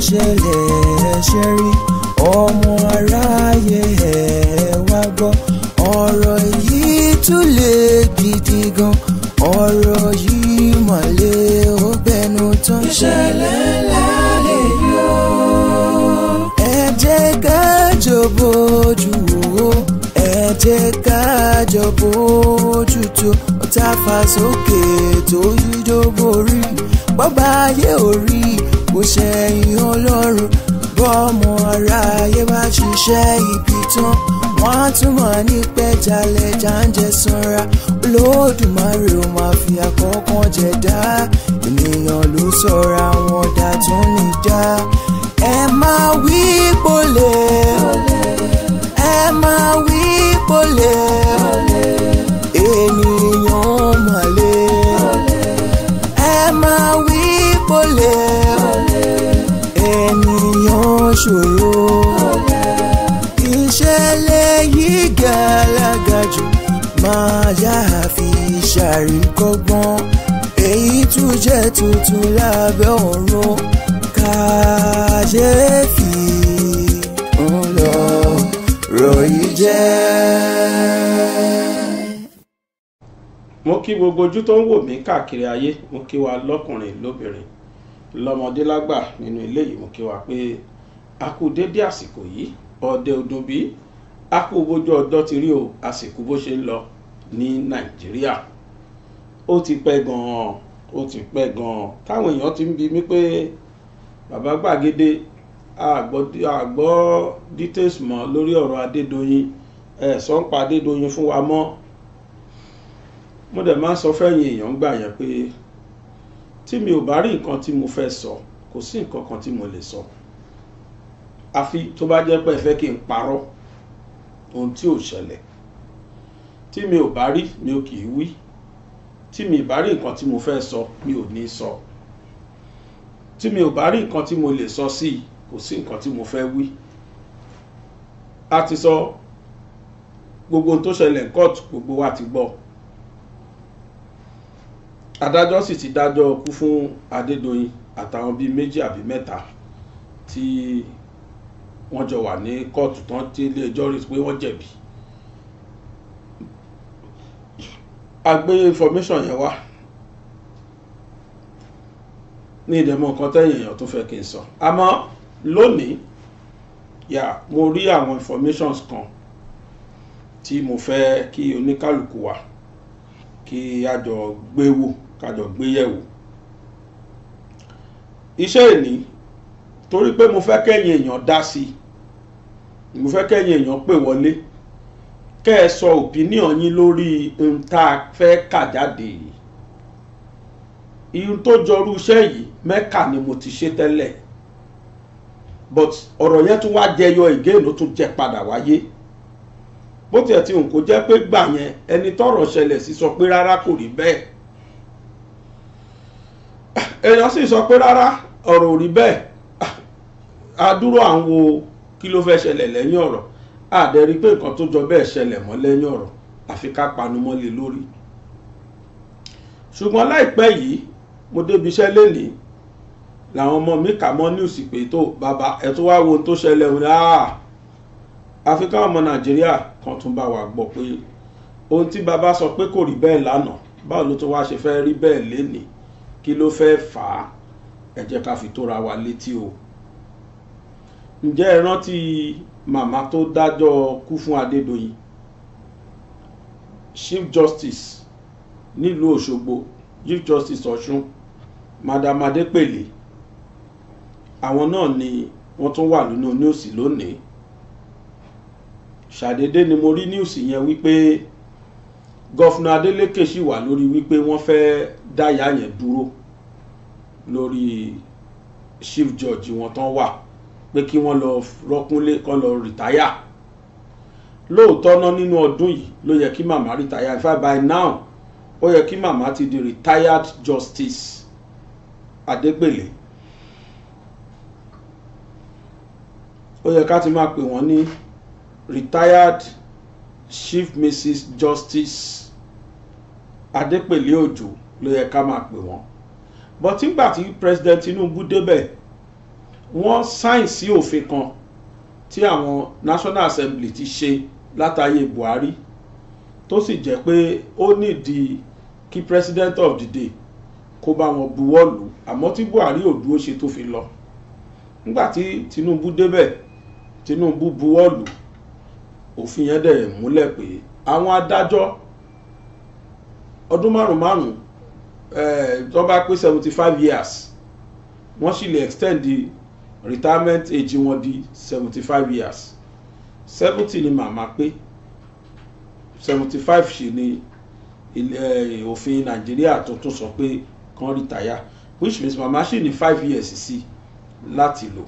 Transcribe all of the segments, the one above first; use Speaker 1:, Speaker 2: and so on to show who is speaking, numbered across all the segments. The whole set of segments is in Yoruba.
Speaker 1: ṣẹlẹ̀ ẹ ṣe rí ọmọ aráyé ẹ wá gbọ́ ọ̀rọ̀ yìí tún lè gidi gan ọ̀rọ̀ yìí mà lè ó bẹnu tán. ìṣẹ̀lẹ̀ ńlá lè yọ. ẹ jẹ́ ká jọ̀bọ̀ ojú wo ẹ jẹ́ ká jọ̀bọ̀ ojú tó ọ̀tá fa sókè tó yíjó borí bọ́bá ayé ò kò ṣẹ̀yìn Ọlọ́run bọ́ọ̀mù ara ayé bá ṣiṣẹ́ ibi tán wọ́n á tún máa ní pẹ́jálẹ̀ jáǹjẹ́ sanra Olódùmarè ó máa fi àkọ́kàn jẹ dá ènìyàn ló sọ̀ra wọn dá tún ní dá ẹ máa wí pọ̀lẹ́ ẹ máa wí pọ̀lẹ́. ṣòro ìṣẹ̀lẹ̀ yìí gàlágà jù máa yá àfi ṣàríkọ́gbọ́n èyí tún jẹ́ tuntun lábẹ́ ọ̀run kàyéfì ń lọ ròyìn jẹ́
Speaker 2: mo kí gbogbo ojú tó ń wò mí káàkiri ayé mo kí wa lọ́kùnrin lóbìnrin lọ́mọdé lágbà nínú ilé yìí mo kí wa pé a kú dédé àsìkò yìí ọdẹ ọdún bí a kú bójú ọdọ ti rí o àsìkò bó ṣe ń lọ ní nàìjíríà ó ti pẹ́ gan-an ó ti pẹ́ gan-an táwọn èèyàn ti ń bi mí pé bàbá gbàgede àgbọ́ details mọ́ lórí ọ̀rọ̀ adédọ̀yìn ẹ̀ sọ ń pa adédọ̀yìn fún wa mọ́ mo dẹ̀ máa ń sọ fẹ́yìn èèyàn gbà yẹn pé tí mi ò bá rí nǹkan tí mo fẹ́ sọ kò sí nǹkan kan tí mo lè sọ. So àfi tó bá jẹ́ pé ẹ fẹ́ kí n parọ́ ohun tí ò ṣẹlẹ̀ tí mi ò bá rí mi ò kì í wí tí mi ì bá rí nǹkan tí mo fẹ́ sọ mi ò ní sọ tí mi ò bá rí nǹkan tí mo lè sọ sí i kò sí nǹkan tí mo fẹ́ wí a ti sọ gbogbo tó ṣẹlẹ̀ kóòtù gbogbo wa ti gbọ́ adájọ́ sì ti dájọ́ ikú fún Adédoyin àtàwọn bíi méjì àbí mẹ́ta tí wọ́n jọ wà ní kóòtù tán tí ilé ẹjọ́ rí pé wọ́n jẹ̀bi a gbé information yẹn wá ní ìdẹ̀mọ̀ nǹkan tẹ́yìn èèyàn tó fẹ́ kí n sọ àmọ́ lónìí yà mo rí àwọn informations kan tí mo fẹ́ kí oníkálukú wa kí a jọ gbé wò ká jọ gbé yẹ̀wò iṣẹ́ ìní torí pé mo fẹ́ kẹ́yìn èèyàn dá sí i mo fẹ́ kẹ́yìn èèyàn pè wọlé kẹ́ ẹ sọ opinion yín lórí n tá a fẹ́ kà jáde yìí ihun tó jọrú iṣẹ́ yìí mẹ́ka ni mo ti ṣe tẹ́lẹ̀ but ọ̀rọ̀ yẹn tún wá jẹyọ ìgéènú tún jẹ padà wáyé bó tiẹ̀ ti hùn kó jẹ́ pé gbà yẹn ẹni tọ́rọ̀ ṣẹlẹ̀ sí sọ pé rárá kò rí bẹ́ẹ̀ èèyàn sì sọ pé rárá ọ̀rọ̀ ò rí bẹ́ẹ̀ adúrò à ń wo kí ló fẹ́ ṣẹlẹ̀ lẹ́yìn ọ̀rọ̀ àdẹ̀rí pé nǹkan tó jọ bẹ́ẹ̀ ṣẹlẹ̀ mọ́ lẹ́yìn ọ̀rọ̀ àfi ká panumọ́ lé lórí ṣùgbọ́n láìpẹ́ yìí mo débi iṣẹ́ lénìí làwọn ọmọ mi kà mọ́ news pé tó bàbá ẹ̀ tó wá wo tó ṣẹlẹ̀ òun áà àfi káwọn ọmọ nàìjíríà kan tún bá wa gbọ́ pé ohun tí bàbá sọ pé kò rí bẹ́ẹ̀ lánàá báwo ló tó wá ṣe fẹ́ rí bẹ́ẹ̀ lénìí kí ló fẹ́ fà á ẹ ká fi tóra wa létí o ǹjẹ́ ẹ rántí màmá tó dájọ́ kú fún Adédoyin Chief Justice nílùú Òṣogbo Chief Justice Ọ̀ṣun Madam Adépèlé àwọn náà ni wọ́n tún wà nínú níòsì lónìí ṣàdédé ni mo rí níòsì yẹn wípé gọ́fúnà Adeleke ṣì wà lórí wípé wọ́n fẹ́ dáyà yẹn dúró lórí chief judge wọn tán wà. Wa pé kí wọ́n lọ rọ́kúnlé kán lọ rìtáyà lóòótọ́ ná nínú ọdún yìí ló yẹ kí màmá rìtáyà if I by now ó yẹ kí màmá ti di retired justice Adégbèlé ó yẹ ká ti máa pè wọ́n ní retired chief mrs justice Adépèlé Òjó ló yẹ ká máa pè wọ́n bọ́tígbà tí president Tinubu débẹ̀ wọ́n sáìn sí òfin kan tí àwọn National Assembly ti ṣe látàyè Buhari tó sì jẹ́ pé ó nídìí kí president of the day kó bá wọn buwọ́ lù àmọ́ tí Buhari ò dúró ṣe tó fi lọ nígbà tí Tinubu débẹ̀ Tinubu buwọ́ lù òfin yẹn dẹ̀ múlẹ̀ pé àwọn adájọ́ ọdún márùn márùn eh, tó bá pé seventy five years wọ́n sì lè extend the retirement age wọn di seventy five years seventy ni màmá pé seventy five sì ni eh, òfin nàìjíríà tuntun sọ pé kán rìtáyà which means màmá sì ní five years sí láti lò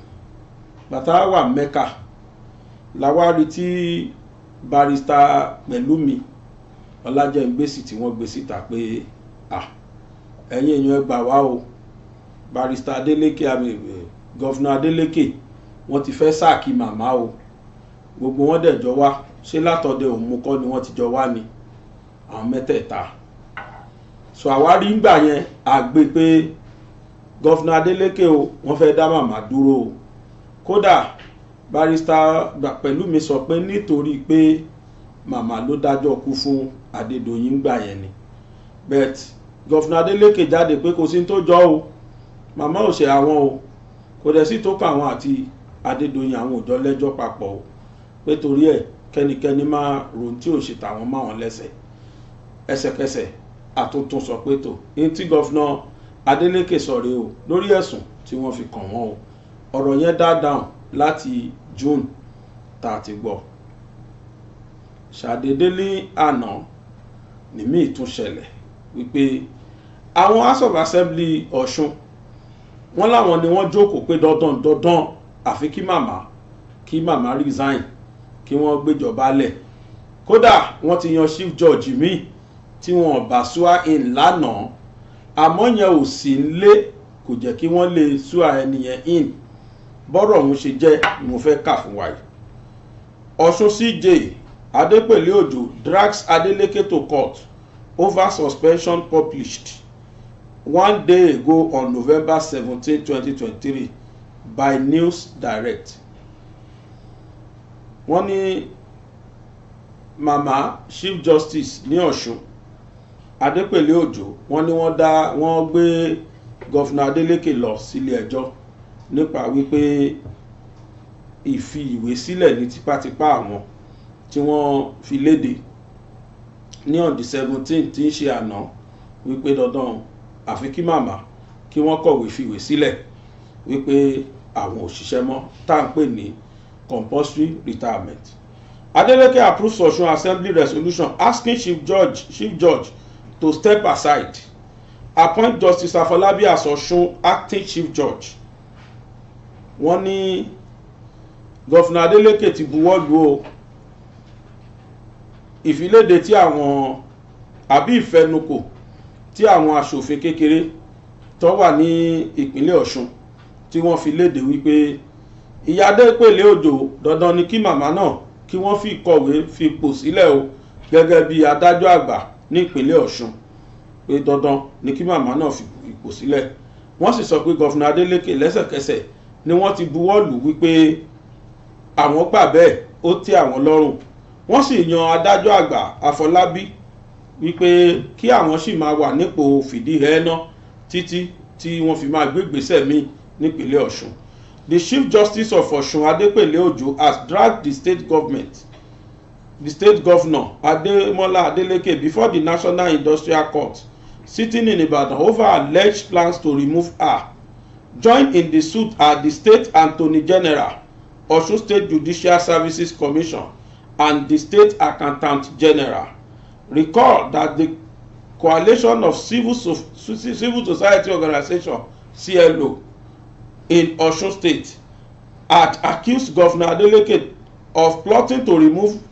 Speaker 2: bàtà wà mẹ́ka làwárí tí barista Pẹ̀lúmi Ọlájẹ́ngbèsì tí wọ́n gbé síta pé ẹ̀yin èèyàn ẹ gbà o barista Adeleke àmì gọ́fìnà Adeleke wọ́n ti fẹ́ sáàkì màmá o gbogbo wọn dẹ̀ jọ wá ṣé látọ̀dẹ òun kọ́ ni wọ́n ti jọ wá ni àwọn mẹ́tẹ̀ẹ̀ta so àwárí ń gbà yẹn àgbè pé gọ́fìnà Adeleke o wọ́n fẹ́ dá màmá dúró o kódà barista Pẹ̀lúmi sọ pé nítorí pé màmá ló dájọ́ kú fún Adédoyin gbà yẹn ni bet gọ́fìnà Adeleke jáde pé kò sí ní tó jọ o màmá ò ṣe àwọn o kò dẹ̀ sí tó kà àwọn àti Adédoyin àwọn òjọ lẹ́jọ́ papọ̀ o pé torí ẹ̀ kẹ́nikẹ́ni máa ròun tí ò ṣe tàwọn máwọn lẹ́sẹ̀ ẹsẹ̀kẹsẹ̀ àtúntún sọ pé tó ní tí gọ́fúnà Adeleke sọ̀rọ̀ o lórí ẹ̀sùn tí wọ́n fi kàn wọ́n o ọ̀rọ̀ yẹn dá dáhùn láti June tá a ti gbọ́ ṣàdédé ní àná nìmí ìtúnṣẹlẹ̀ wípé àwọn House of Assembly Ọ̀ṣun wọ́n láwọn ni wọ́n jókòó pé dandan dandan àfi kí màmá kí màmá resign kí wọ́n gbéjọba lẹ̀ kódà wọ́n ti yan chief George míì tí wọ́n bá sua in lánàá àmọ́ yẹn ò sí lé kò jẹ́ kí wọ́n lè sua ẹnìyẹn in bọ́rọ̀ ọ̀hún ṣe jẹ́ ni mo fẹ́ kà fún wa yìí ọ̀ṣun cj adépèlé òjò drags adeleke to court over suspension published one day ago on november 17, 2023, by news direct wọ́n ní mama chief justice ní ọ̀ṣun adépèlé òjò wọ́n ní wọ́n dá wọ́n gbé gọ́fìnà adeleke lọ sílé ẹjọ́ nípa wípé ìfi ìwé sílẹ̀ ní tipátipá àwọn tí wọ́n fi léde ní on the seventeen tí ń ṣe àná wípé dandan àfi kí màmá kí wọ́n kọ̀wé fìwé sílẹ̀ wípé àwọn òṣìṣẹ́ mọ́ tá à ń pè ní compulsory retirement. Adeleke approves Osun Assembly resolution asking Chief Judge Chief Judge to step aside appoint Justice Afolabi as Osun acting Chief Judge. wọ́n ní gọ́fìnà Adeleke ti buwọ́ lu o ìfiléde tí àwọn àbí ìfẹnukò tí àwọn aṣòfin kékeré tó wà ní ìpínlẹ̀ Ọ̀ṣun tí wọ́n fi léde wípé ìyá Adépèlé Òjó dandan ni kí màmá náà kí wọ́n fi kọ̀wé fipò sílẹ̀ o gẹ́gẹ́ bí adájọ́ àgbà ní ìpínlẹ̀ Ọ̀ṣun pé dandan ni kí màmá náà fi ipò sílẹ̀ wọ́n sì sọ pé gọ́fìnà Adeleke lẹ́sẹ̀kẹsẹ̀ ni wọ́n ti buwọ́ lù wípé àwọn gbà bẹ́ẹ̀ ó tẹ́ àwọn lọ́rùn wọ́n sì yan adájọ́ àgbà Àfọlábí wípé kí àwọn sì máa wà nípò fìdíhẹ́ẹ́ná títí tí wọ́n fi máa gbégbèsè míì nípínlẹ̀ ọ̀ṣun the chief justice of ọ̀ṣun adépèlé òjò has dragged the state government the state governor ademola adeleke before the national industrial court sitting in ibadan over alleged plans to remove her joined in the suit are the state attorney general ọ̀ṣun state judicial services commission and the state accountant general recall that the coalition of civil, so civil society organization clo in osun state had accused governor adeleke of plotting to remove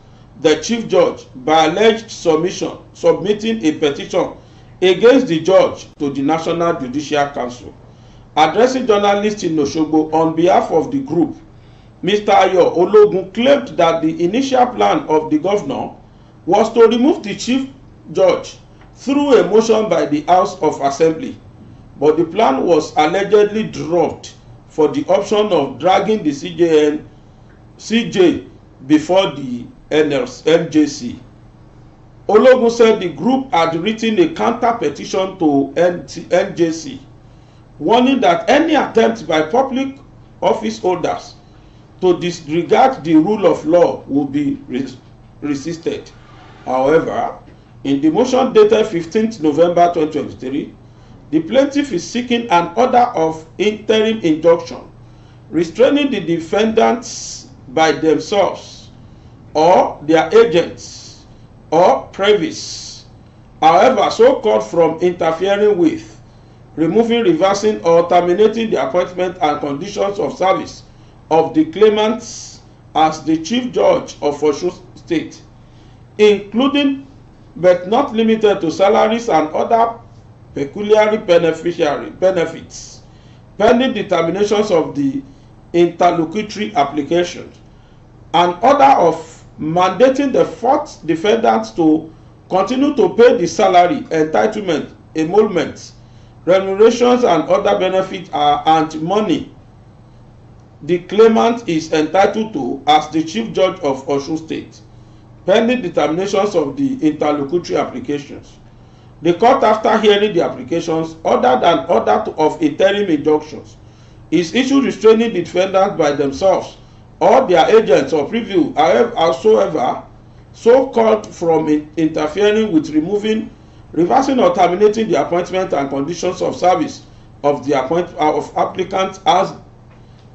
Speaker 2: the chief judge by alleged submission submitting a petition against the judge to the national judicial council addressing journalists in osogbo on behalf of the group mr ayo ologun claimed that the initial plan of the governor was to remove the chief judge through a motion by the House of Assembly, but the plan was allegedly dropped for the option of dragging the CJN, CJ before the NLS, NJC. Ologun said the group had written a counter petition to NJC, warning that any attempt by public office holders to disregard the rule of law will be res resisted. However, in the motion dated 15th November 2023, the plaintiff is seeking an order of interim injunction restraining the defendants by themselves or their agents or previous, however so called from interfering with, removing, reversing or terminating the appointment and conditions of service of the claimants as the chief judge of Osun State including but not limited to salaries and other pecuniary beneficiary benefits pending determinations of the interlocutory application and order of mandating the fourth defendant to continue to pay the salary entitlement emoluments remunerations and other benefits uh, and money the claimant is entitled to as the chief judge of Osun State pending determinations of the interlocutory applications. The court, after hearing the applications, ordered an order to, of interim injunctions is issued restraining the defendants by themselves or their agents or review, however, so called from in interfering with removing, reversing, or terminating the appointment and conditions of service of the appoint uh, of applicant as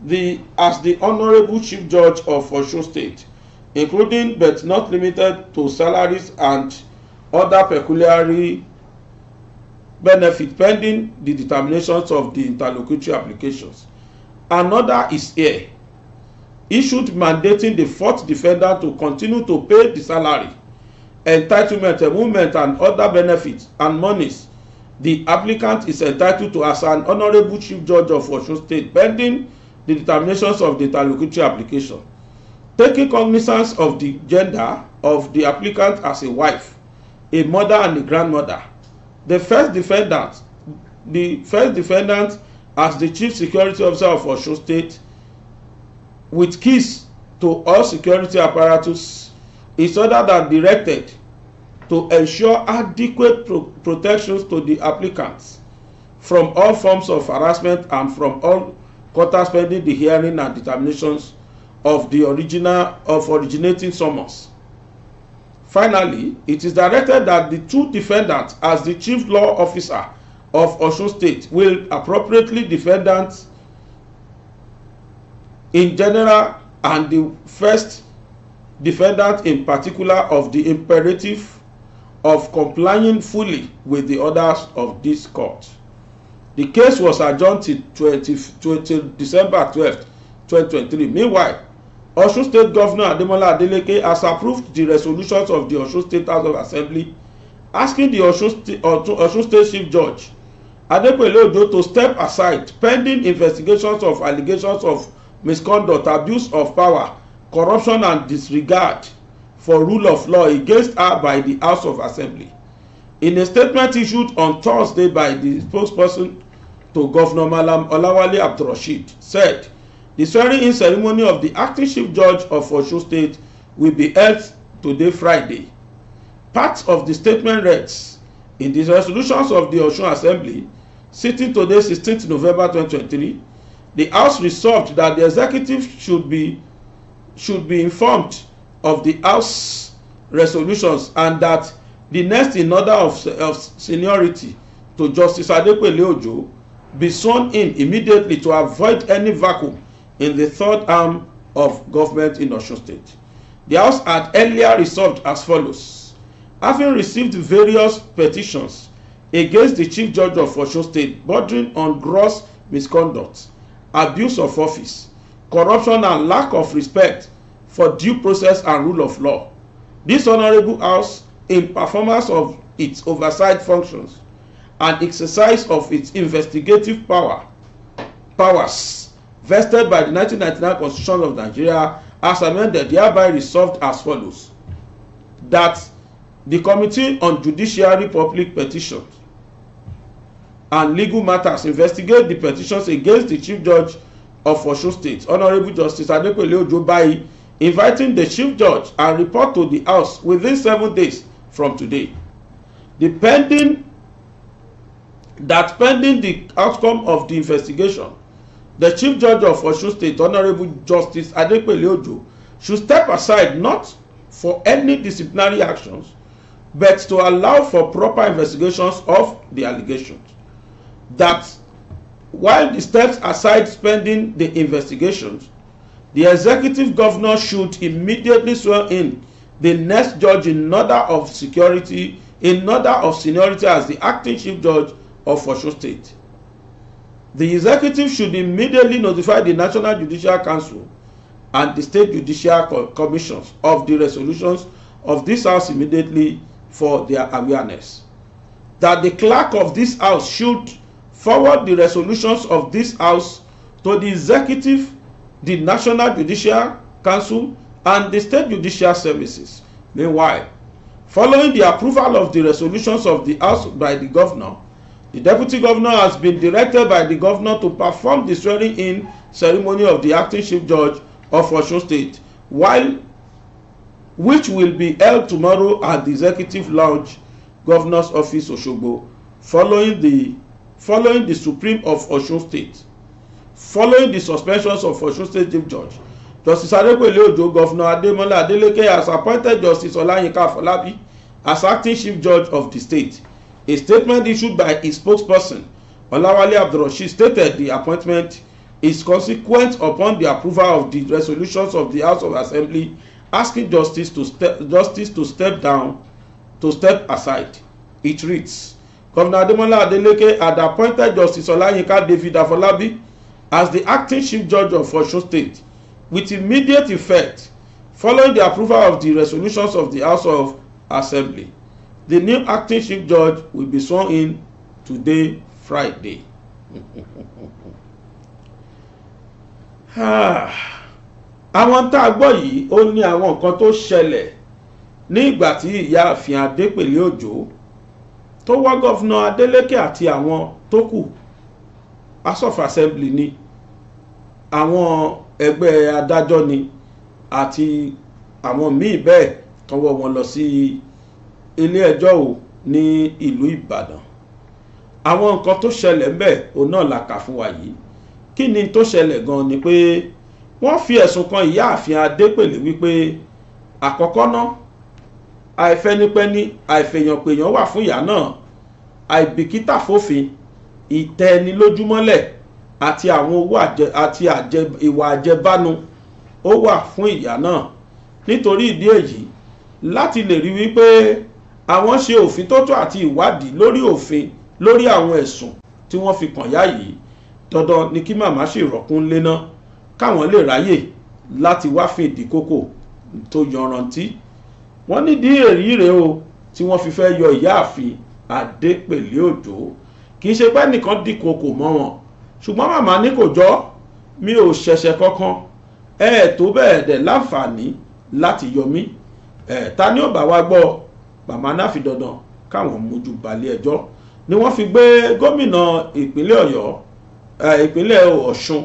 Speaker 2: the as the Honorable chief judge of Osun State including but not limited to salaries and other peculiary benefits pending the determinations of the interlocutory applications. Another is here issued mandating the fourth defendant to continue to pay the salary entitlement emolument and other benefits and monies the applicant is entitled to as an honourable chief judge of Osun State pending the determinations of the interlocutory application taking cognizance of the gender of the applicant as a wife, a mother, and a grandmother. The first defendant, the first defendant as the chief security officer of Osun State with keys to all security apparatus is ordered and directed to ensure adequate pro protections to the applicants from all forms of harassment and from all quarter spending the hearing and determinations of the original of originating summons. Finally, it is directed that the two defendants as the chief law officer of Osun State will appropriately defendants in general and the first defendant in particular of the imperative of complying fully with the orders of this court. The case was adjourned till 20, 20 December 12, 2023. Meanwhile, Osun State Governor Ademola Adeleke has approved the resolutions of the Osun State House of Assembly asking the Osun, St Osun State Chief Judge Adepele Ojo to step aside pending investigations of allegations of misconduct, abuse of power, corruption and disregard for rule of law against her by the House of Assembly. In a statement issued on Thursday by the spokesperson to Governor Malam Olawale Abdulrasheed said The swearing-in ceremony of the acting chief judge of Osun State will be held today Friday. Part of the statement reads, in the resolutions of the Osun Assembly, sitting today 16th November 2023, the House resolved that the executive should be should be informed of the House resolutions and that the next in order of, of seniority to Justice Adepele Ojo be sworn in immediately to avoid any vacuum in the third arm of government in Osun State. The House had earlier resolved as follows. Having received various petitions against the Chief Judge of Osun State bordering on gross misconduct, abuse of office, corruption and lack of respect for due process and rule of law, this Honorable House, in performance of its oversight functions and exercise of its investigative power powers vested by the 1999 constitution of Nigeria as amended thereby resolved as follows that the committee on judiciary public petitions and legal matters investigate the petitions against the chief judge of Osun State Honourable Justice Adepele Ojobayi inviting the chief judge and report to the house within seven days from today depending that pending the outcome of the investigation The Chief Judge of Osun State, Honourable Justice Adepele Ojo, should step aside not for any disciplinary actions but to allow for proper investigations of the allegations. That while the steps aside spending the investigations, the executive governor should immediately swear in the next judge in order of security in order of seniority as the acting chief judge of Osun State. The executive should immediately notify the National Judicial Council and the State Judicial Commissions of the resolutions of this House immediately for their awareness. That the clerk of this House should forward the resolutions of this House to the Executive, the National Judicial Council, and the State Judicial Services. Meanwhile, following the approval of the resolutions of the House by the Governor, The deputy governor has been directed by the governor to perform the swearing-in ceremony of the acting chief judge of Osun State, while which will be held tomorrow at the executive lounge governor's office Osogbo following the following the supreme of Osun State following the suspensions of Osun State Chief Judge Justice Adekunle Ojo Governor Ademola Adeleke has appointed Justice Olayinka Afolabi as acting chief judge of the state A statement issued by his spokesperson, Olawale Abdulrasheed, stated the appointment is consequent upon the approval of the resolutions of the House of Assembly asking justice to step justice to step down to step aside. It reads, Governor Ademola Adeleke had appointed Justice Olayinka David Afolabi as the acting chief judge of Osun State with immediate effect following the approval of the resolutions of the House of Assembly. The new acting chief judge will be sworn in today, Friday. Àwọn tá a gbọ́ yìí ó ní àwọn nǹkan tó ṣẹlẹ̀ ní ìgbà tí ìyáàfin Adépèlé Òjó tó wọ́ gọ́fúnà Adélékè àti àwọn tó kù House of Assembly ni àwọn ẹgbẹ́ adájọ́ ni àti àwọn míì bẹ́ẹ̀ tọwọ́ wọn lọ sí. Si ilé ẹjọ́ o ní ìlú Ìbàdàn àwọn nǹkan tó ṣẹlẹ̀ ń bẹ̀ òun náà la kà fún wa yìí kí ni tó ṣẹlẹ̀ gan ni pé wọ́n fi ẹ̀sùn kan ìyáàfin Adépèlé wípé àkọ́kọ́ náà àìfẹnipẹni àìfèèyànpèèyàn wà fún ìyá náà àìbìkítà fófin ìtẹnilójúmọ́lẹ̀ àti àwọn owó àti ìwà àjẹbánu ó wà fún ìyá náà nítorí ìdí èyí láti lè rí wípé àwọn ṣe òfin tótó àti ìwádìí lórí òfin lórí àwọn ẹ̀sùn tí wọ́n fi kàn yá yìí dandan ni kí màmá ṣe ìrọ̀kún léná káwọn lè ráyè láti wá fèdè kókò tó yanrantí wọ́n nídìí èrí rèé o tí wọ́n fi fẹ́ yọ ìyáàfin adépèlé òjò kì í ṣe pé nìkan dìkokò mọ́ wọn ṣùgbọ́n màmá ní kò jọ́ mi ò ṣẹ̀ṣẹ̀ kankan ẹ láǹfààní láti yọ mí ẹ̀ ni ò bá wa gbọ́ ọ bàbá náà fi dandan káwọn mójú balẹ̀ ẹjọ́ ni wọ́n fi gbé gómìnà ìpínlẹ̀ ọ̀yọ́ ìpínlẹ̀ ọ̀ṣun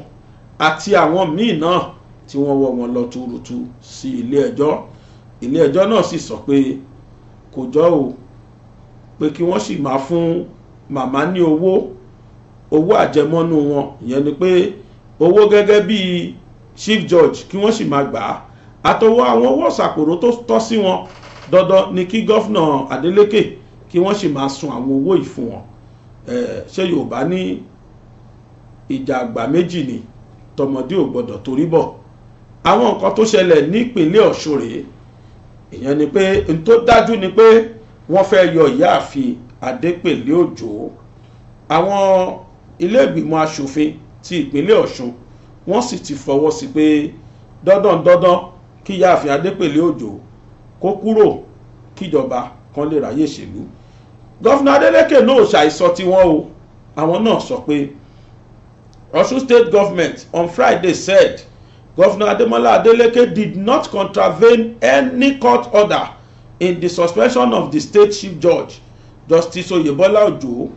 Speaker 2: àti àwọn míì náà tí wọ́n wọ́ wọn lọ túrútú sí ilé ẹjọ́ ilé ẹjọ́ náà sì sọ pé kò jọ o pé kí wọ́n sì máa fún màmá ní owó owó àjẹmọ́nú wọn ìyẹn ni pé owó gẹ́gẹ́ bí chief judge kí wọ́n sì máa gbà á àtọwọ́ àwọn owó ṣàkóró tó tọ́ sí wọn dandan ni kí gọ́fìnà Adeleke kí wọ́n sì máa sun àwọn owó yìí fún wọn ṣé Yorùbá ní ìjà àgbà méjì ni tọmọdé ò gbọdọ̀ torí bọ̀ àwọn nǹkan tó ṣẹlẹ̀ nípínlẹ̀ Ọ̀ṣun rèé ìyẹn ni pé n tó dájú ni pé wọ́n fẹ́ yọ ìyáàfin Adépèlé Òjó àwọn ilé ìgbìmọ̀ asòfin ti ìpínlẹ̀ Ọ̀ṣun wọ́n sì ti fọwọ́ sí pé dandan dandan kí ìyáàfin Adépèlé Òjó kó kúrò kíjọba kan lè ráyè ṣèlú gọ́fìnà Adeleke náà ṣàìsọ tiwọn o àwọn náà sọ pé Osun State government on Friday said Governor Ademola Adeleke did not contravene any court order in the suspension of the state chief judge Justice Oyebola Ojo.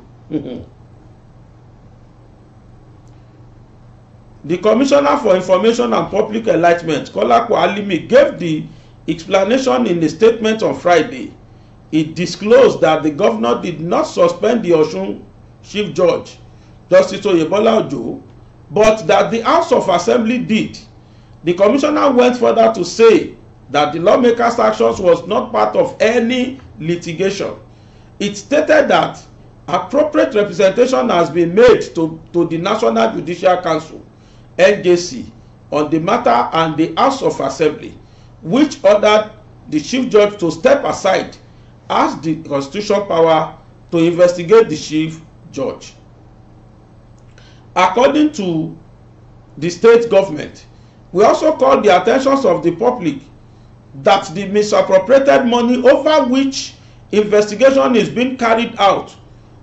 Speaker 2: The Commissioner for Information and Public Enlightenment Kolapo Alimi gave the explanation in a statement on Friday, it disclosed that the governor did not suspend the Osun Chief Judge, Justice Oyebola Ojo, but that the House of Assembly did. The commissioner went further to say that the lawmaker's actions was not part of any litigation. It stated that appropriate representation has been made to, to the National Judicial Council, NJC, on the matter and the House of Assembly which ordered the chief judge to step aside as the constitutional power to investigate the chief judge. According to the state government, we also call the attention of the public that the misappropriated money over which investigation is being carried out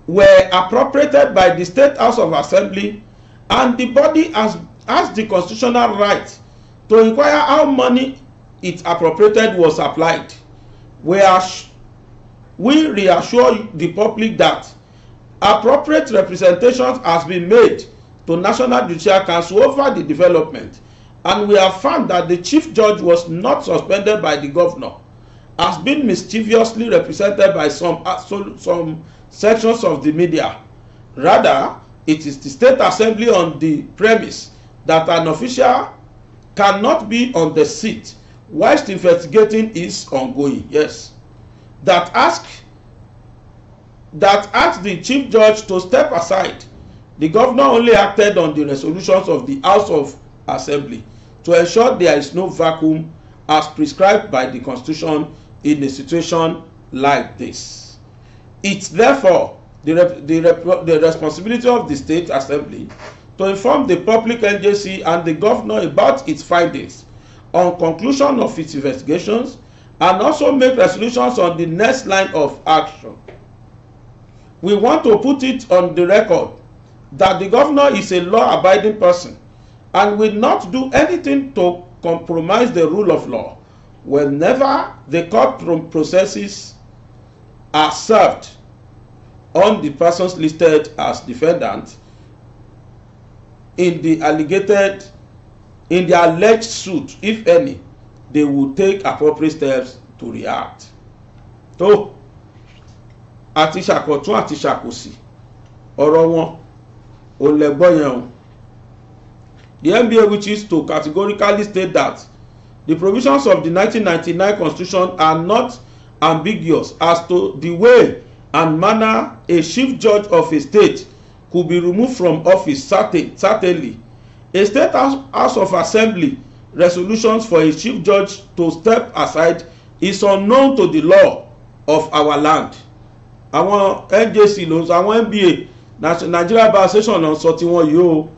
Speaker 2: were appropriated by the State House of Assembly and the body has, has the constitutional right to inquire how money it appropriated was applied. We, we reassure the public that appropriate representations has been made to National Judicial Council over the development and we have found that the chief judge was not suspended by the governor has been mischievously represented by some some sections of the media rather it is the state assembly on the premise that an official cannot be on the seat whilst investigating is ongoing yes that ask that ask the chief judge to step aside the governor only acted on the resolutions of the house of assembly to ensure there is no vacuum as prescribed by the constitution in a situation like this it's therefore the, rep the, rep the responsibility of the state assembly to inform the public agency and the governor about its findings on conclusion of its investigations and also make resolutions on the next line of action. We want to put it on the record that the governor is a law-abiding person and will not do anything to compromise the rule of law whenever the court processes are served on the persons listed as defendants in the alleged in their alleged suit if any they will take appropriate steps to react tó àti ṣàkọ̀tún àti ṣàkòsí ọ̀rọ̀ wọn ò lẹ́gbọ́n yẹn o the NBA wishes to categorically state that the provisions of the 1999 constitution are not ambiguous as to the way and manner a chief judge of a state could be removed from office certain, certainly A state house, of assembly resolutions for a chief judge to step aside is unknown to the law of our land. Àwọn NJC ló ń sọ àwọn NBA Nigeria Bar Association náà sọ tiwọn yìí o.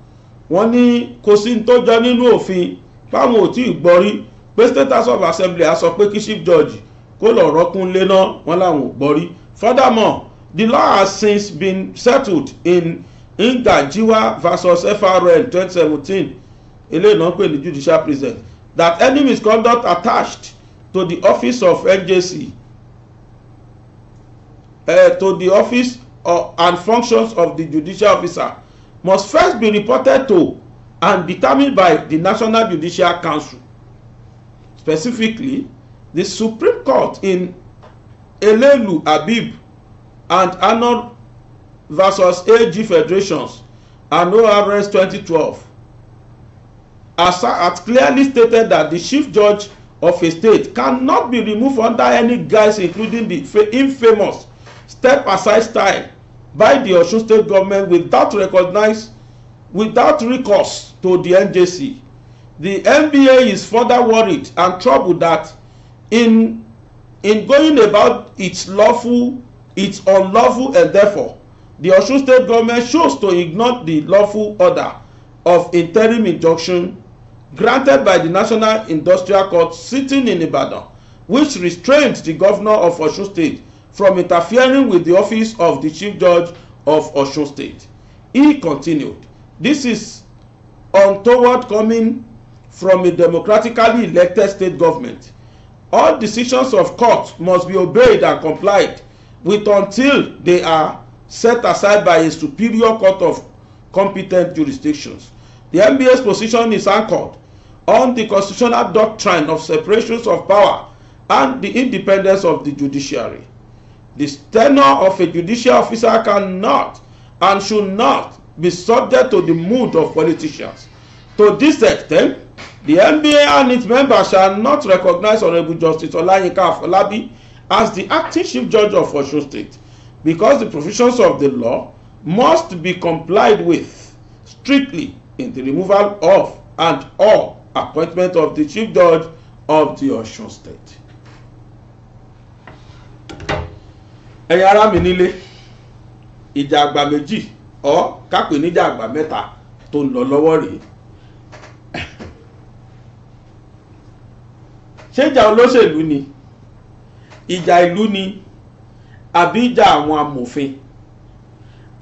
Speaker 2: Wọ́n ní kò sí ní tó jọ nínú òfin báwọn ò tí ì gbọ́ rí pé state house of assembly á sọ pé kí chief judge kó lọ rọ́kún lé náà wọ́n làwọn ò gbọ́ rí. Furthermore, the law has since been settled in Ngajiwa versus FRL 2017 eléyìí náà pè ní judicial president that any misconduct attached to the office of NJC uh, eh, to the office or, and functions of the judicial officer must first be reported to and determined by the National Judicial Council specifically the Supreme Court in Elelu Abib and Anon versus AG federations and ORS 2012 has clearly stated that the chief judge of a state cannot be removed under any guise including the infamous step aside style by the Osun state government without recognize without recourse to the NJC. The NBA is further worried and troubled that in in going about its lawful its unlawful endeavour the Osun state government chose to ignore the lawful order of interim injunction granted by the National Industrial Court sitting in Ibadan which restrained the governor of Osun state from interfering with the office of the chief judge of Osun state. He continued, this is untoward coming from a democratically elected state government. All decisions of court must be obeyed and complied with until they are set aside by a superior court of competent jurisdictions. The MBA's position is anchored on the constitutional doctrine of separations of power and the independence of the judiciary. The tenure of a judicial officer cannot and should not be subject to the mood of politicians. To this extent, the MBA and its members shall not recognize Honorable Justice Olayinka Afolabi as the acting chief judge of Osun State because the provisions of the law must be complied with strictly in the removal of and or appointment of the chief judge of the Osun state. ẹ̀yin ará mi nílé ìjà àgbà méjì ọ́ kápẹ́ níjà àgbà mẹ́ta tó ń lọ lọ́wọ́ rèé ṣé ìjà olóṣèlú ni ìjà ìlú ni àbí ìjà àwọn amòfin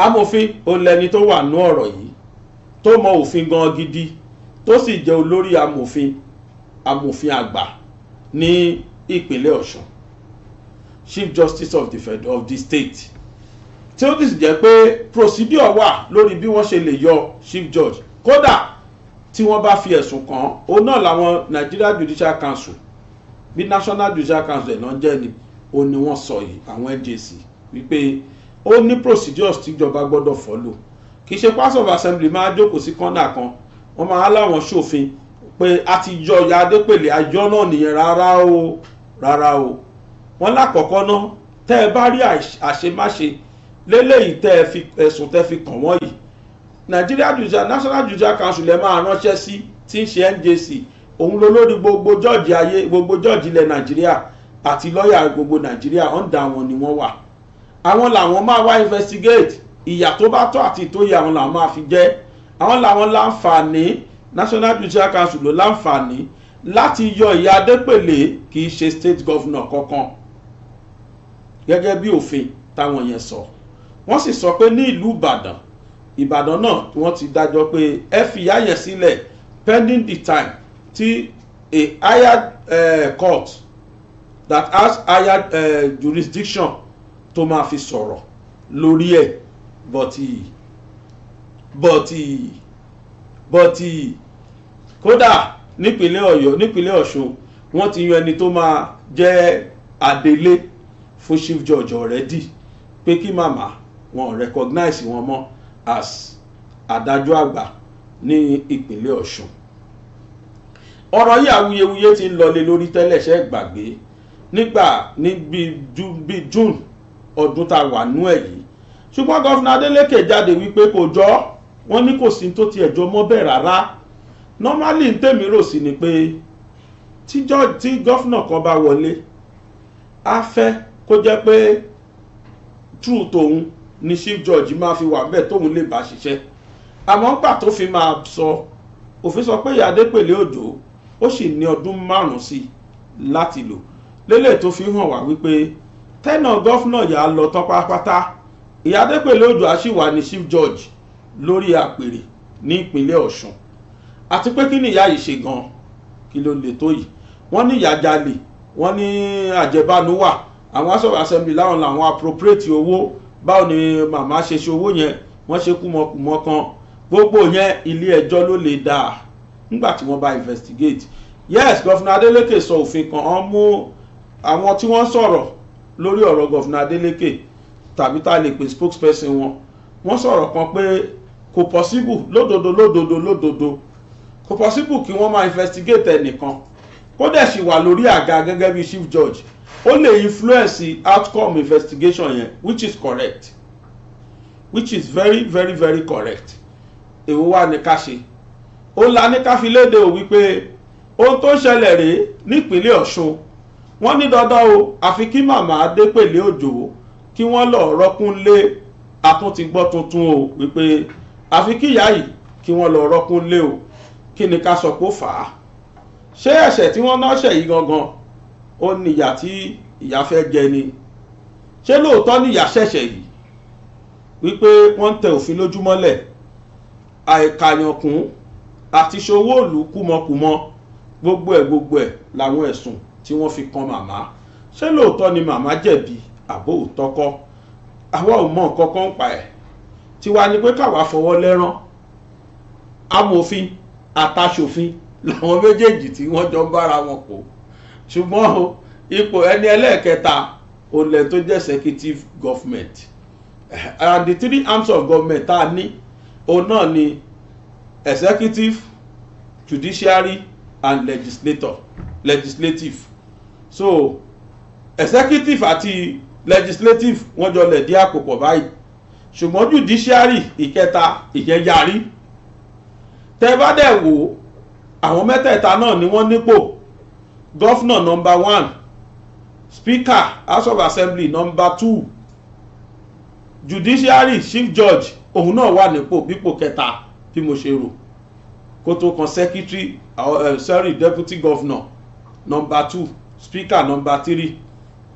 Speaker 2: amòfin òun lẹni tó wà nú ọ̀rọ̀ yìí tó mọ òfin gan gidi tó sì jẹ́ olórí amòfin amòfin àgbà ní ìpínlẹ̀ Ọ̀ṣun Chief Justice of the, Fed, of the state tí ó sì jẹ́ pé procedure wà lórí bí wọ́n ṣe lè yọ Chief Judge kódà tí wọ́n bá fi ẹ̀sùn kàn án òun náà làwọn Nigeria Judicial Council bí National Judicial Council ẹ̀ náà jẹ́ ni ó ní wọ́n sọ yìí àwọn ndc wípé ó ní procedures tíjọba gbọ́dọ̀ follow kì í ṣe pass of assembly máa jókòó sí kọ́nà kan wọ́n máa láwọn ṣòfin pé àtijọ́ ìyá adépèlé àjọ náà nìyẹn rárá o rárá o wọ́n lákọ̀ọ́kọ́ náà tẹ́ ẹ bá rí àṣemáṣe léléyìí tẹ́ ẹ̀sùn tẹ́ fi kàn wọ́n yìí Nigeria judicial National Judicial Council ẹ̀ máa ránṣẹ́ sí tí ń ṣe NJC òun lolórí gbogbo jọ́ọ̀jì ayé gbogbo jọ́ọ̀jì ilẹ̀ Nàìjíríà àti lọ́ọ̀yà gbogbo nàìjíríà ọ̀ǹda wọn ni wọ́n wà àwọn làwọn máa wá investigate ìyà tó bá tọ́ àti tó yẹ àwọn làwọn máa fi jẹ àwọn làwọn láǹfààní national judicial council ló láǹfààní láti yọ ìyá adépèlé kì í ṣe state governor kankan gẹ́gẹ́ bí òfin táwọn yẹn sọ wọ́n sì sọ pé ní ìlú ìbàdàn ìbàdàn náà wọ́n ti dájọ́ pé ẹ fìyà yẹn sílẹ̀ pending the time tí a higher uh, court that has higher uh, jurisdiction tó máa fi sọ̀rọ̀ lórí ẹ̀ bọ̀tì bọ̀tì bọ̀tì kódà nípínlẹ̀ ọ̀yọ́ nípínlẹ̀ ọ̀ṣun wọ́n ti yan ẹni tó máa jẹ́ adelé fún chief judge already pé kí màmá wọn recognize wọn mọ́ as adájọ́ àgbà ní ìpínlẹ̀ ọ̀ṣun ọ̀rọ̀ yìí awuyewuye ti ń lọlé lórí tẹ́lẹ̀ ṣe gbàgbé nígbà níbi bíi june ọdún tá a wà nú ẹ̀ yìí ṣùgbọ́n gọ́fìnà adeleke jáde wípé kò jọ wọ́n ní kò sí tó ti ẹ̀jọ́ mọ́ bẹ́ẹ̀ rárá normally tèmi rò sí ni pé tí gọ́fìnà kan bá wọlé á fẹ́ kó jẹ́ pé true tòun ni chief judge máa fi wà bẹ́ẹ̀ tóun lè bá ṣiṣẹ́ àmọ́ nígbà tó fi máa sọ òfin sọ pé ìyá adépèlé òjò ó sì ní ọdún márùn-ún sí i láti lò lélẹ̀ tó fi hàn wá wípé tẹ́nà gọ́fúnà yà á lọ tán pátápátá ìyá Adépèlé ni sì wà ní chief judge lórí àpèrè ní ìpínlẹ̀ Ọ̀ṣun àti pé kí ni ìyá yìí ṣe gan-an kí ló lè tó yìí wọ́n ní ìyá jalè wọ́n ní àjẹbánu wà àwọn asọ̀rọ̀ assembly láwọn làwọn appropriate owó báwo ni màmá ṣe ṣe owó yẹn wọ́n ṣe kúmọkùmọ kan gbogbo yẹn ilé ẹjọ́ ló lè dáa nígbà tí wọ́n bá investigate yes gọ́fúnà Adeleke sọ òfin kan ọ́n mú àwọn tí wọ́n sọ̀rọ̀ lórí ọ̀rọ̀ gọ̀fìnà Adeleke tàbí tá a lè pè spokesperson wọn wọ́n sọ̀rọ̀ kan pé kò pọ́síbù lódodo lódodo lódodo kò pọ́síbù kí wọ́n máa investigate ẹnìkan kó dẹ̀ sì wà lórí àga gẹ́gẹ́ bí chief judge ó lè influence outcome investigation yẹn which is correct which is very very very correct èwo wá ní ká ṣe ó la ní ká fi léde ò wípé ohun tó ṣẹlẹ̀ rèé nípínlẹ̀ Ọ̀ṣun wọ́n ní dandan o àfi kí màmá adépèlé òjò kí wọ́n lọ rọ́kúnlé àtúntìgbọ́ tuntun o wípé àfi kí ìyá yìí kí wọ́n lọ rọ́kúnlé o kí ni ká sọ kó fà á ṣé ẹ̀ṣẹ̀ tí wọ́n náà ṣẹ̀ yìí gangan ó ní ìyà tí ìyá fẹ́ jẹ ni ṣé lóòótọ́ ní ìyá ṣẹ̀ṣẹ̀ yìí wípé wọ́n ń tẹ òfin lójúmọ́lẹ̀ àìkàyànkún àti ṣowó òlù kúmọkùmọ gbogbo ẹ̀ gbogbo ẹ̀ làwọn ẹ̀sùn tí wọ́n fi kan màmá ṣé lóòótọ́ ni màmá jẹ̀bi àbó òtọ́kọ́ àwa ò mọ nǹkan kan pa ẹ̀ tiwa ni pé káwa fọwọ́ lẹ́rán amòfin àtàṣòfin làwọn méjèèjì tí wọ́n jọ ń bára wọn pọ̀ ṣùgbọ́n ipò ẹni ẹlẹ́ẹ̀kẹta olè tó jẹ́ executive government eh, and the three arms of government tá a ní òun náà ni executive judiciary and legislator legislative so executive àti legislative wọ́n jọ lẹ̀ dí àpòpọ̀ báyìí ṣùgbọ́n judiciary ìkẹta ìkẹyàrí tẹ́ bá dẹ̀ wò àwọn mẹ́tẹ̀ẹ̀ta náà ni wọ́n nípò governor number one speaker house of assembly number two judiciary chief judge òun náà wà nípò bípò kẹta bí mo ṣe rò kó tó kan secretary uh, sorry deputy governor number two speaker number three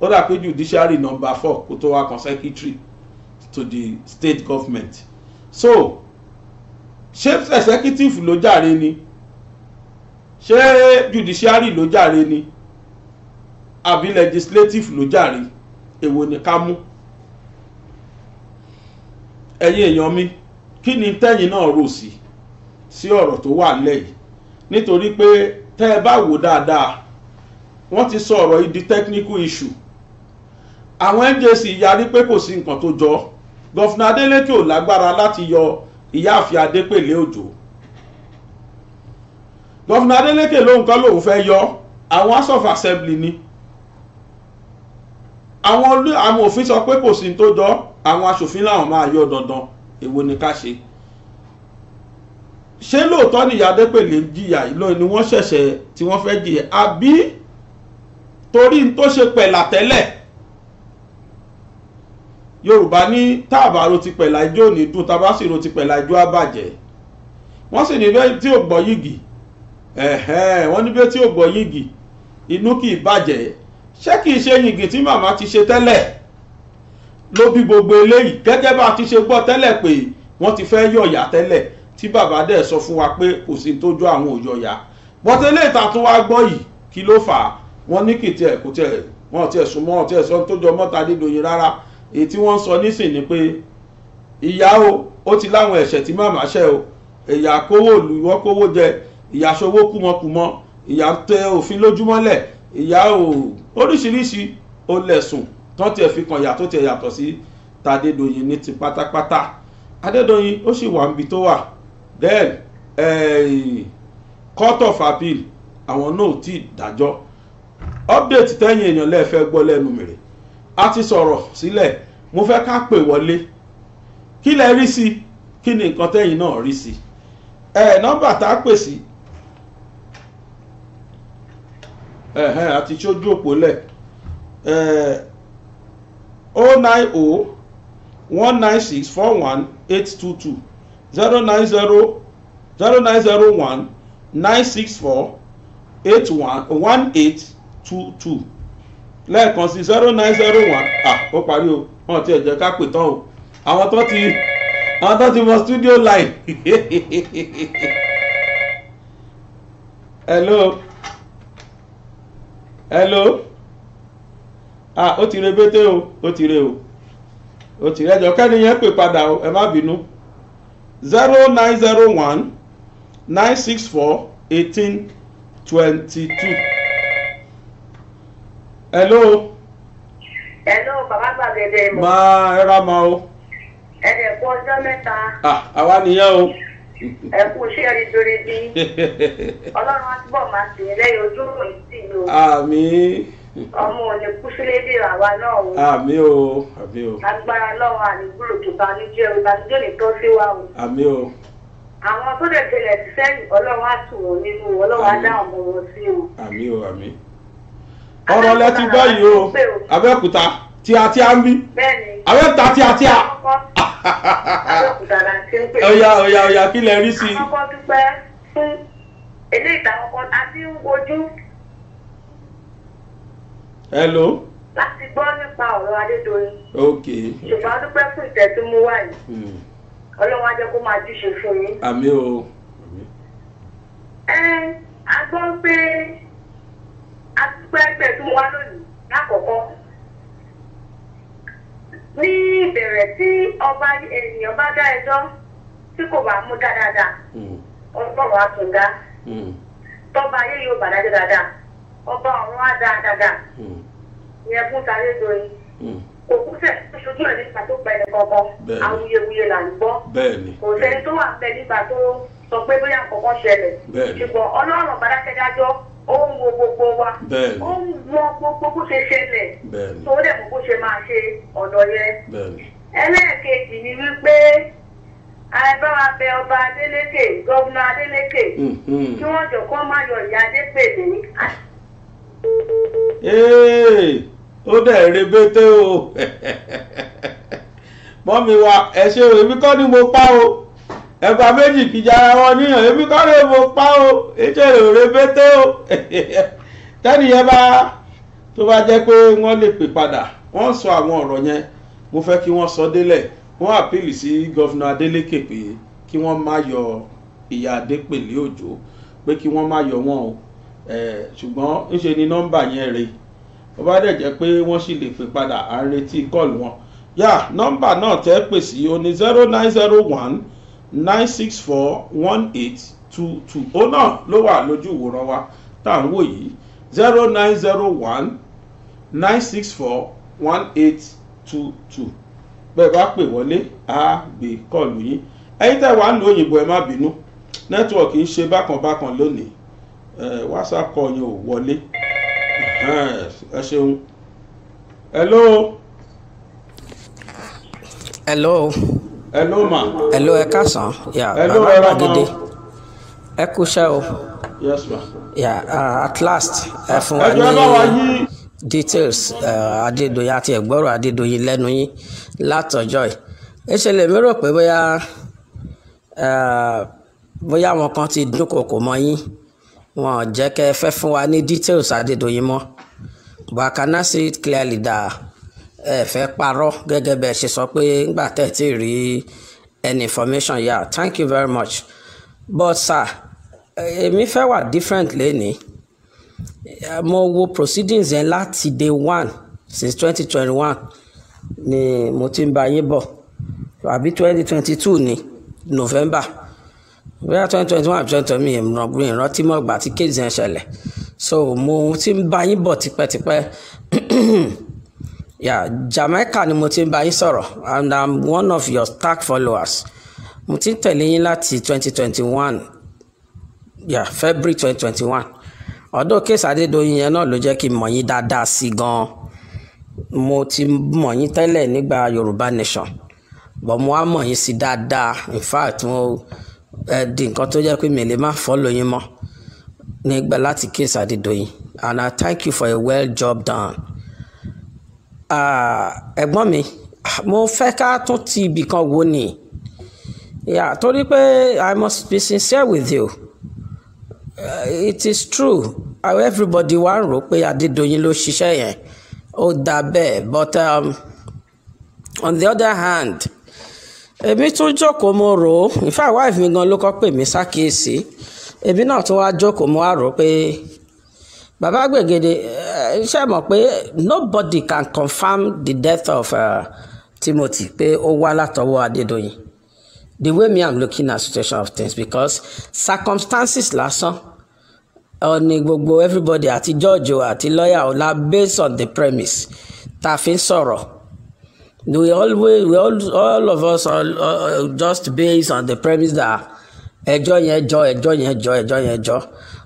Speaker 2: ó dà judiciary number four kó tó wá consecutory to the state government so ṣé executive ló jàre ni ṣé judiciary ló jàre ni àbí legislative ló jàre èwo ni ká mú ẹ̀yin èèyàn mi kí ni tẹ́yìn náà rò sí sí ọ̀rọ̀ tó wà lẹ́yìn nítorí pé tẹ́ ẹ bá wò dáadáa wọ́n ti sọ ọ̀rọ̀ yìí di technical issue àwọn NJC yarí pé kò sí nǹkan tó jọ gọ́fìnà Adeleke ò lágbára láti yọ ìyáàfin Adépèlé Òjó gọ́fìnà Adeleke lóun kan lòun fẹ́ yọ àwọn house of assembly ni àwọn amòfin sọ pé kò sí tó jọ àwọn aṣòfin làwọn máa yọ dandan èwo ni ká ṣe ṣé lóòótọ́ nìyá Adépèlé ń jìyà lóyún ni wọ́n ṣẹ̀ṣẹ̀ tí wọ́n fẹ́ jìyà àbí torí n tó ṣe pẹ̀là tẹ́lẹ̀ yorùbá ní táàbà ro ti pẹ̀là ijó ní dùn tá a bá sì ro ti pẹ̀là ijó á bàjẹ́ wọ́n sì ní bẹ́ẹ̀ tí ò gbọ́ yìgì ẹ̀hẹ́n wọ́n ní bẹ́ẹ̀ tí ò gbọ́ yìgì inú kì í bàjẹ́ ṣé kì í ṣe yìgì tí màmá ti ṣe tẹ́lẹ̀ ló bí gbogbo eléyìí gẹ́gẹ́ bá a ti ṣe gbọ́ tẹ́lẹ̀ pé wọ́n ti fẹ́ yọ̀yà tẹ́lẹ̀ tí bàbá dẹ̀ sọ fún wa pé kò sí tójú àwọn òyọ̀yà bọ́tẹ́lẹ̀ ìta gbọ́ yìí kí ló fà á wọ́n ní kìtì ẹ̀ kò tiẹ̀ wọ́n tiẹ̀ súnmọ́ ọ̀ tiẹ̀ sọ tó jọ mọ́ta dídòyìn rárá èyí tí wọ́n ń sọ nísìn ni pé ìyá o ó ti láwọn ẹ̀ṣẹ̀ tí màmá ṣẹ̀ o ìyá kówó lù wọ́n kówó jẹ ìyá ṣowó kúmọkùmọ ìyá tẹ òfin lójúmọ́lẹ̀ ìyá o oríṣiríṣi ó lẹ̀sùn tán tiẹ̀ fi kan ìyá tó tiẹ̀ yàtọ̀ sí tàdédòyìn ní ti pátápátá adédọ̀yìn ó sì wà níbi tó wà then eh, court of appeal àwọn náà ò tí ì dájọ́ update tẹ́yìn èèyàn lẹ́ẹ̀fẹ́ gbọ́ lẹ́nu mèrè a ti sọ̀rọ̀ sílẹ̀ mo fẹ́ ká pè wọlé kí lẹ rí sí kí ni nǹkan tẹ́yìn náà rí sí ẹ nọ́mbà tá pè sí àti o nine two two lẹ́ẹ̀kan sí zero nine zero one ah ó parí o wọn ti ẹ̀jẹ̀ ká pè tán o àwọn tó ti àwọn tó ti mọ studio line hello hello ah ó ti re bété o ó ti re o ó ti re ẹjọ kẹ́ni yẹn pè padà o ẹ má bínú zero nine zero one nine six four eighteen twenty two hello.
Speaker 3: hello bàbá gbàgede mọ. máa
Speaker 2: ẹ ra ma o.
Speaker 3: ẹ lè kó ọjọ́ mẹ́ta.
Speaker 2: àwa nìyẹn o
Speaker 3: ẹ kú iṣẹ́ rí torí bí ọlọ́run á túbọ̀ máa sì ní lẹ́yìn ojú òun sí i o.
Speaker 2: àmín. ọmọ
Speaker 3: òní kú sílé dè àwa náà o. àmín
Speaker 2: o àmín o.
Speaker 3: agbára lọ́wọ́ ànígbòrò tó bá ní jẹ́ ìbànújẹ́ ní tó sí wa o. àmín o. àwọn tó dẹ̀ tẹ̀lẹ̀ sẹ́yìn ọlọ́run á tù wọ́n nínú ọlọ́run á dá ọmọ wọn sí o.
Speaker 2: àmín o àmín ọ̀rọ̀ lẹ́tí báyìí o abẹ́òkúta tí a tí a ń bí
Speaker 3: abẹ́òkúta tí a tí a. ọ̀yà
Speaker 2: ọ̀yà ọ̀yà kí lẹ rí sí i.
Speaker 3: àkọ́kọ́ dúpẹ́ fún ilé ìdáwọ́kọ́ àti ojú. hello. láti gbọ́ nípa ọ̀rọ̀ adédọ̀yìn.
Speaker 2: ok. ṣùgbọ́n
Speaker 3: dúpẹ́ fún ìtẹ̀sí mú wá yìí. Hmm. ọlọ́run á jẹ́ kó máa júṣe fún yín. àmín o. ẹ a gbọ́ pé. adúpẹ́pẹ́ tó wá lónìí lákọ̀ọ́kọ́ ní ìbẹ̀rẹ̀ tí ọba ènìyàn bá dá ẹjọ́ tí kò bá mú dáadáa hmm. ọlọ́run á tún dá hmm. tọ́ba ayé yóò ọba ọ̀run á dá dáadáa hmm. ìyẹn fún sáré doyin kò kú ṣojú ẹ̀ nípa tó awuyewuye là ń gbọ́ kò sẹ́ni tó wà tó sọ pé
Speaker 1: bóyá
Speaker 3: ó ń wo gbogbo wa ó ń wo gbogbo bó ṣe ṣẹlẹ̀ tó dẹ̀ mọ̀ bó ṣe máa ṣe ọ̀nà yẹn ẹlẹ́ẹ̀kejì ni wípé àìbára bẹ ọba Adeleke gọ́vùnà Adeleke mm-hmm. kí wọ́n jọ kọ́ máa yọ ìyá Adépèlé.
Speaker 2: ó dẹ̀ rebete o mọ́mi wa ẹ ṣe o èmi kọ́ ni mo pa o ẹ̀pà méjì kìjàra wọn níyàn èmi kọ́ lè mo pa o ètò èrè bété o tẹ́nìyẹn bá tó bá jẹ́ pé wọ́n lè pè padà wọ́n sọ àwọn ọ̀rọ̀ yẹn mo fẹ́ kí wọ́n sọ délẹ̀ wọ́n àpèlì sí gọ́fìnà Adeleke pé kí wọ́n má yọ ìyá Adépèlé Òjó pé kí wọ́n má yọ wọn o ṣùgbọ́n ńṣe ni nọ́mbà yẹn rè ó bá dẹ̀ jẹ́ pé wọ́n sì lè pè padà à ń retí kọ́ọ̀lù wọn yá nọ́mbà náà tẹ́ pè o ní zero nine zero one nine six four one eight two two ó náà ló wà lójú ìwòran wa tá à ń wò yìí zero nine zero one nine six four one eight two two bẹ́ẹ̀ bá pè wọlé á gbé kọ́ọ̀lù yín ẹ̀yin tẹ́ wàá ń lo òyìnbó ẹ má bínú nẹ́tíwọ̀kì ń ṣe bákan bákan lónìí whatsapp kọ́ yín ò wọlé ẹ
Speaker 4: ṣeun hello. hello hello ma. hello ẹ kásán ya bàbá gbàgede ẹ kú iṣẹ́ o. yes ma. ya uh, at last ẹ fún wa ní details adédoyin àti ẹ̀gbọ́rọ̀ adédoyin lẹ́nu yín látọjọ́ yìí ìṣẹ̀lẹ̀ mi rò pé bóyá bóyá wọn kan ti dúnkòkò mọ́ yín wọn ò jẹ́ kẹ́ fẹ́ fún wa ní details adédoyin mọ́ but I cannot see it clearly that ẹ fẹ́ parọ́ gẹ́gẹ́ bẹ́ẹ̀ ṣe sọ pé ńgbà tẹ̀ tí ì rí any information yà yeah, thank you very much but sir èmi fẹ́ wà different lẹ́ni mo wo proceedings yẹn láti day one since twenty twenty one ni mo ti ń ba yín bọ̀ àbí twenty twenty two ni November bóyá twenty twenty one àbí twenty twenty mi ìrànlọ́gbìn ìrántí mọ́gbà tí kéde yẹn ṣẹlẹ̀ so mo ti ń ba yín bọ̀ tipẹ́tipẹ́ yeah Jamaica ni mo ti ń bá yín sọ̀rọ̀ and I'm one of your tag followers mo ti ń tẹ̀lé yín láti 2021 yeah February 2021 ọ̀dọ̀ Kéèsì Adédoyin yẹn náà ló jẹ́ kí n mọ̀ yín dáadáa sí gan-an mo ti mọ̀ yín tẹ́lẹ̀ nígbà Yorùbá Nation but mo á mọ̀ yín sí dáadáa in fact mo ẹ di nǹkan tó jẹ́ pé mi lè má follow yín mọ́ nígbà láti Kéèsì Adédoyin and I thank you for a well job done ẹ̀gbọ́n mi mo fẹ́ ká tún ti ibì kan wò ni yeah, torí pé I must be sincere with you uh, it is true how everybody wá ń rò pé Adédoyin ló ṣiṣẹ́ yẹn ó dà bẹ́ẹ̀ but um, on the other hand èmi tún jókòó mo rò ó in fact wife mi gan ló kọ́ pè mí sákìyèsí èmi náà tún wá jókòó mo wá rò ó pé. Baba Gbegede ṣe mọ̀ pé nobody can confirm the death of uh, Timothy pé ó wá látọwọ́ Adédọ́yìn the way me i'm looking at situation of things because circumstances lásán ọ̀ni gbogbo everybody àti judge àti lawyer ọ̀la based on the premise tá a fi ń sọ̀rọ̀ we always we all, all of us are, uh, just based on the premise that ẹjọ́ yẹn jọ ẹjọ́ yẹn jọ ẹjọ́ yẹn jọ. Ẹjọ́ yẹn jọ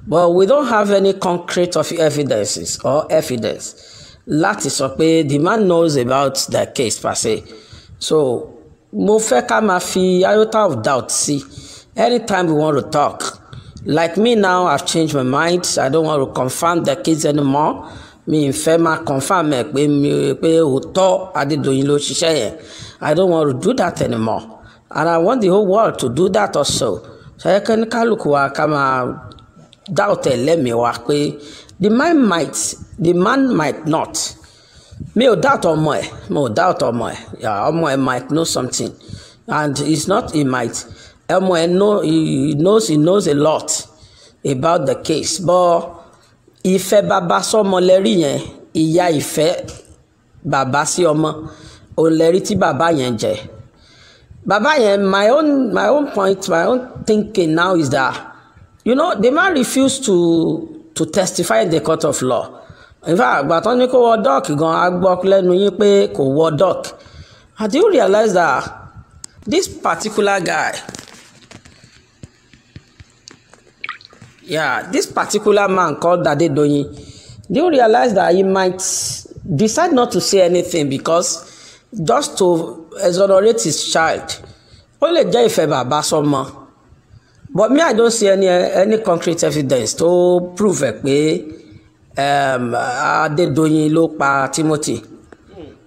Speaker 4: but we don't have any concrete of evidences or evidence láti sọ pé the man knows about the case per se so mo fẹ́ ká máa fi iota of doubt sí anytime we want to talk like me now I've changed my mind I don't want to confirm the case anymore mi n fẹ́ máa confirm ẹ̀ pé mi pé òótọ́ Adédoyin ló ṣiṣẹ́ yẹn I don't want to do that anymore and I want the whole world to do that also ṣe kẹ́ni kálukú wa ká máa doubt ẹlẹ́mìí wa pé the man might the man might not mi ò doubt ọmọ ẹ̀ mi ò doubt ọmọ ẹ̀ ọmọ ẹ̀ might know something and it's not he might ọmọ ẹ̀ know he knows he knows a lot about the case but ìfẹ́ bàbá sọmọ lẹ́rí yẹn ìyá ìfẹ́ bàbá sí ọmọ òun lẹ́rí tí bàbá yẹn jẹ́ bàbá yẹn my own my own point my own thinking now is that you know the man refused to to testify in the court of law in fact àgbà tán ní kó wọ dock gan a gbọ́ lẹ́nu yín pé kò wọ dock and do you realize that this particular guy yeah this particular man called Dade Doyin do you realize that he might decide not to say anything because just to exonerate his child ó lè jẹ́ ìfẹ́ bàbá sọmọ. So but me i don't see any any concrete evidence to prove ẹ pé um, Adédoyin ló pa Timothy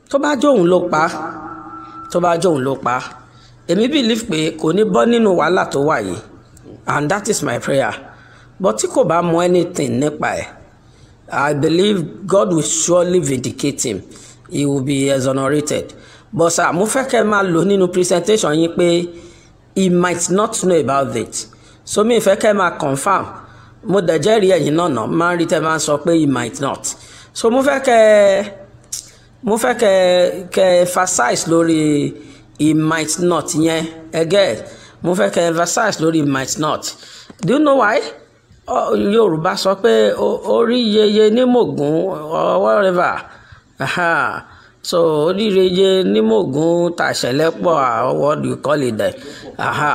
Speaker 4: tó bá jóun ló pa tó bá jóun ló pa èmi believe pé kò ní bọ́ nínú wàhálà tó wà yìí and that is my prayer but tí kò bá mọ anything nípa ẹ̀ i believe God will surely vindicate him he will be exonerated but sir mo fẹ́ kẹ́ máa lò nínú presentation yín pé he might not know about it so mi ìfẹ́ kẹ́ máa confam mo dẹ̀ jẹ́rìí ẹ̀yin náà náà máa ń rí tẹ́ máa ń sọ pé you might not so mo fẹ́ kẹ́ mo fẹ́ kẹ́ kẹ́ emphasize lórí he might not yẹn again mo fẹ́ kẹ́ emphasize lórí you might not do you know why yorùbá sọ pé orí yeye ní or whatever Aha. so oríire yeye ní mògùn tàṣẹlẹ́pọ̀ what do you call it then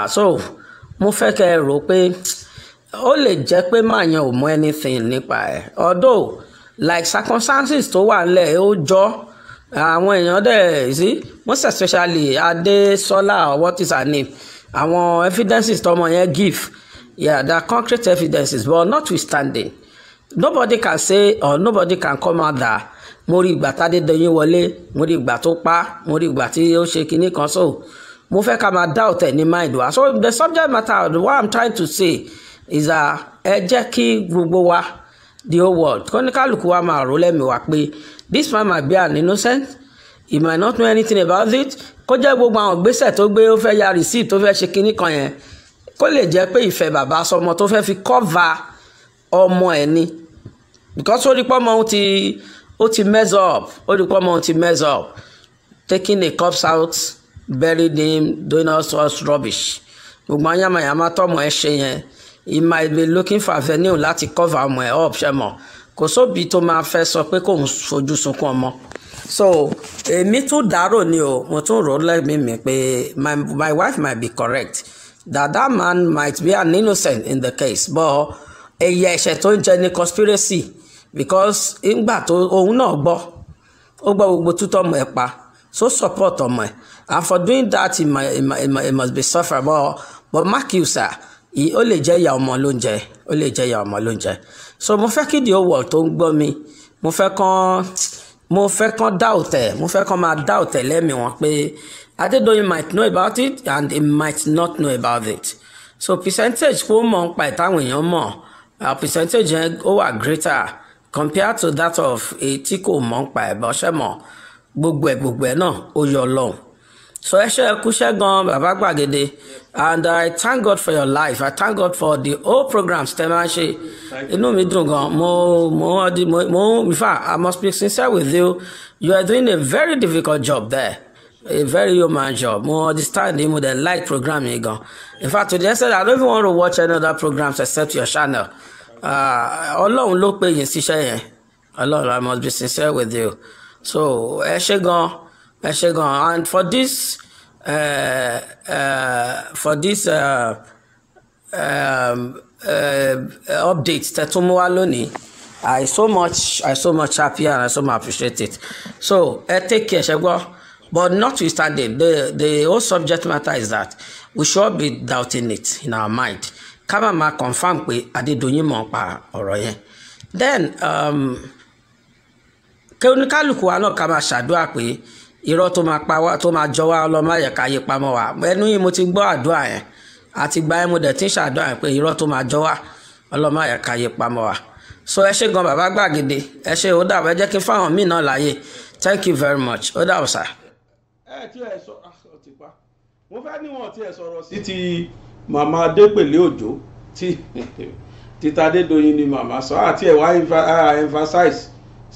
Speaker 4: so mo fẹ́ kẹ́ ẹ rò pé ó lè jẹ́ pé màyàn ò mọ anything nípa ẹ̀ although like circumstances tó wà nílẹ̀ ó jọ àwọn èèyàn dẹ̀ sí most especially Adésọ́lá what is her name àwọn evidences tọmọ yẹn give yeah they are concrete evidences but notwithstanding nobody can say or nobody can come out there. mo rí ìgbà tádé dẹyìn wọlé mo rí ìgbà tó pa mo rí ìgbà tí ó ṣe kinní kan so mo fẹ́ ká máa dá ọ̀tẹ̀ mind wa so the subject matter what i'm trying to say is that ẹ jẹ́ kí gbogbo wa the whole world kọ́níkàlùkù wa máa rò lẹ́mìí wa pé this man might be an innocent he might not know anything about it kó jẹ́ gbogbo àwọn gbésẹ̀ tó gbé ó fẹ́ ya receipt tó fẹ́ ṣe kinní kan yẹn kó lè jẹ́ pé ìfẹ́ bàbá sọmọ tó fẹ́ fi kọ́va ọmọ ẹ̀ ni because ó rí pọ́mọ ó ti ó ti mess up ó rí pọ́mọ ó ti mess up taking the cops out buried him doing all sorts rubbish gbogbo ayamayama tọmọ ẹ ṣe yẹn he might be looking for avenue láti cover ọmọ ẹ up ṣe mọ kò sóbi tó máa fẹ́ sọ pé kò ń fojú sunkún ọmọ so èmi tún dárò ni o mo tún rò lẹ́mìí mi pé my my wife might be correct that that man might be an innocent in the case but ẹ̀yà ẹ̀ṣẹ̀ tó ń jẹ ní conspiracy because ńgbà tó òun náà gbọ́ ó gbọ́ gbogbo tútọ́ ọmọ ẹ̀ pa so support ọmọ ẹ̀ and for doing that he must, he he must be suffer but but Matthew sir he only jẹ́ ìyá ọmọ lóúnjẹ ó lè jẹ́ ìyá ọmọ lóúnjẹ so mo fẹ́ kí the whole world tó ń gbọ́ mi mo fẹ́ kán mo fẹ́ kán doubt ẹ̀ mo fẹ́ kán máa doubt ẹ̀ lẹ́mìí wọn pé Adédoyin might know about it and he might not know about it so percentage kó mọ̀ ń pa ìtàwọn èèyàn mọ̀ our percentage yẹn ó wà greater compared to that of èyí tí kò mọ̀ ń pa ẹ̀ bọ́ṣẹ́ mọ̀ gbogbo ẹ̀ gbogbo ẹ̀ náà ó yọ lọ́hùn. So Eshe Kushegon Baba Gbagede, and I thank God for your life. I thank God for the whole program Stemanshi. Inú mi dùn gan. Mo mo mo in fact I must be sincere with you. You are doing a very difficult job there. A very human job. More understand him with the light program yìí gan. In fact today I said I don't even want to watch any other programs except your channel. Ah, Ọlọ́run ló look yín síṣẹ́ I must be sincere with you. So ẹ ṣé gan ẹ ṣé and for this uh, uh, for this uh, um, uh, update tẹ̀túnmú wá I so much I so much happy and I so much appreciate it so ẹ uh, take care ṣe but notwithstanding the the whole subject matter is that we should be doubting it in our mind ká má má confam pé Adédoyin mọ̀ pa ọ̀rọ̀ yẹn then um, kí oníkálukú wa náà ká máa ṣàdúrà pé irọ́ tó máa pa wá tó máa jọ wá ọlọ́mọ àyẹ̀ká yí pamọ́ wa ẹnu yìí mo ti gbọ́ àdúrà yẹn àti gba ẹ̀ mo dẹ̀ ti ń ṣàdúrà yẹn pé irọ́ tó máa jọ wá ọlọ́mọ àyẹ̀ká yí pamọ́ wa so ẹ ṣé gan bàbá gbàgede ẹ ṣé ó dàbọ̀ ẹ jẹ́ kí n fáwọn míì náà láàyè thank you very much ó dàbọ̀ sà.
Speaker 2: ẹ tí ẹ sọ ọtí ah, pa mo fẹ́ ní wọn tí ẹ sọ̀rọ̀ sí
Speaker 4: ti màmá adépèlé òjò tí
Speaker 2: títa adédọ̀yìn ni màmá sọ àti ẹ̀ wá emphasize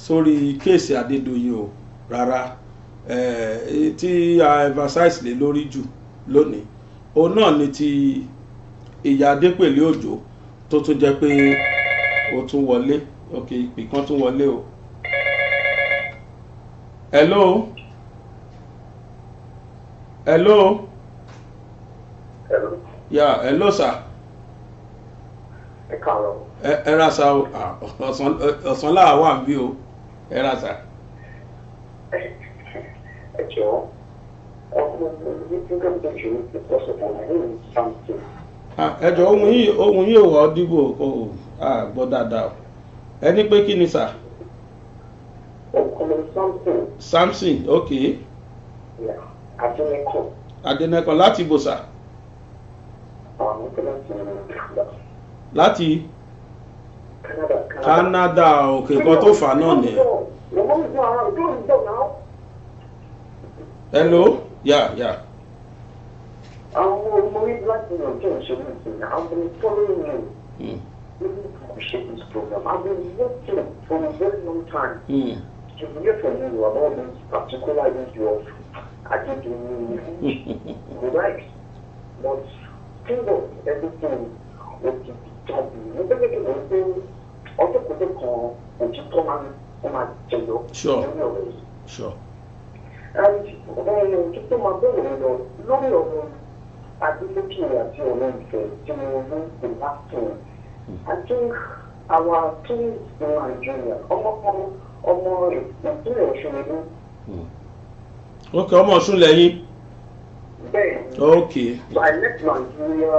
Speaker 2: sórí kéèsì adédọ̀yìn o rárá Eh, tí a emphasize lé lórí jù lónìí òun náà ni ti ìyá adépèlé òjò tó tún jẹ́ pé ó tún wọlé ok ìpè kan tún wọlé o hello hello hello yeah hello sir ẹ káàárọ̀ ẹ ẹ ra sa o ah, ọ̀sán ọ̀sán láà wà ń bí o ẹ ra sa. Почему? ẹjọ ohun yìí ohun yìí ò ọdígbò o à gbọ́ dáadáa ẹni pé kí ni sà. Samson ok. Adénẹ́kọ̀. Adénẹ́kọ̀ láti ibo sà. láti. Canada Canada òkè kan tó fà náà nìyẹn. Hello? Yeah, yeah.
Speaker 5: Um, well, Marie Blackman of George Wilson, I've been following you. Mm. This program. I've been watching for a very long time.
Speaker 4: To
Speaker 5: hear from you about this particular issue of identity, right? But still, everything was to be done. You don't make it anything. Also, could they call and keep on and my jail? Sure. Sure kí tó máa bẹ̀rẹ̀ lọ lórí ọ̀rọ̀ adélèké àti ọ̀rọ̀ ìfẹ́ tí mo ní ìlà fún I think our kids in Nigeria ọmọ ọmọ ìpínlẹ̀ Ọ̀ṣun ni mí.
Speaker 2: Hmm. ok ọmọ Ọ̀ṣun lẹ́yìn. bẹ́ẹ̀ ok
Speaker 5: so I left Nigeria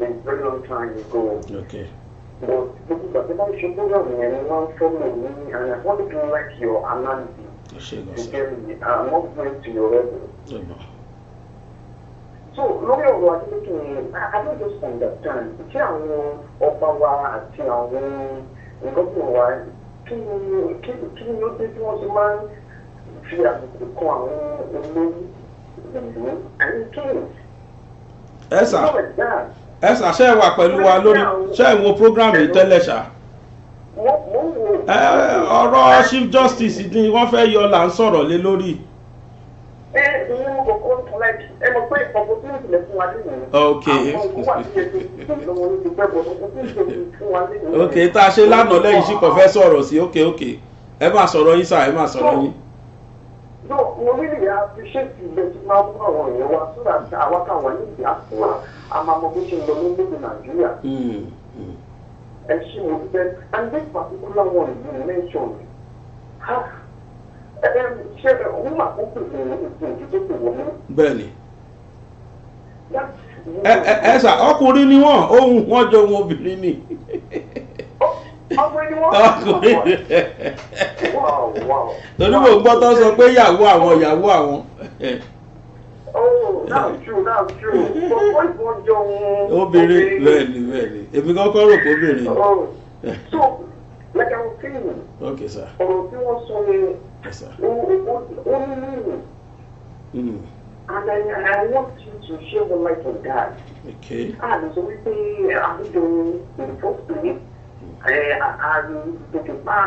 Speaker 5: a very long time ago. Okay. But gbogbo ìgbà tí wọ́n ṣe program yẹn ni wọ́n fọ́ mi ní and I wanted to like your analysis. You get me? I'm not going So lórí ọ̀rọ̀ Adélékè yẹn, I don't just understand. Ṣé àwọn ọba wa àti àwọn ìgbọ́gbọ̀n wa kí ni ó dé tí wọ́n ti máa ń fi àbùkù kan àwọn olórí ìlú àní kíni?
Speaker 2: Ẹ sà, ẹ sà ṣe é wà pẹ̀lú wa lórí ṣe é wo program yìí tẹ́lẹ̀ ṣáà ọ̀rọ̀ chief justice ni wọ́n fẹ́ yọ là ń sọ̀rọ̀ lé lórí.
Speaker 5: ẹ ìyẹn kò kó ẹ mọ̀ pé opportunity lè fún wa nínú. ok ok tá a ṣe lánàá lẹ́yìn sí kò fẹ́
Speaker 2: sọ̀rọ̀ sí ok ok ẹ máa sọ̀rọ̀ yín sà ẹ máa sọ̀rọ̀ yín.
Speaker 5: no mo rí ìyá appreciate ilé tí máa mú àwọn èèyàn wá sódà àwọn táwọn ní ìyá fún wa a bó ṣe lọ ní gbogbo nàìjíríà.
Speaker 2: Hmm, hmm
Speaker 5: and she will do And this particular one you mentioned, half. Ṣé òun àkókò ìdíje wò ni?
Speaker 2: Bẹ́ẹ̀ni. Ẹ ṣá ọkùnrin ni wọ́n ohun wọ́n jọ wọn obìnrin ni.
Speaker 5: Ọkùnrin ni wọ́n.
Speaker 2: Torí mo gbọ́ tó sọ pé ìyàwó àwọn ìyàwó àwọn obìnrin
Speaker 5: oh, mm-hmm. bẹ́ẹ̀ ni
Speaker 2: bẹ́ẹ̀ ni èmi kọ́kọ́ rò pé obìnrin ni. Oh,
Speaker 5: like I was saying. Okay, sir. Ọ̀rọ̀ tí wọ́n sọ ni ó ní nínú. Mm. And I, I want you to share the light on that. Okay. Ah, lọ sọ wípé àwùjọ ìfọ́sùn àrùn tètè pa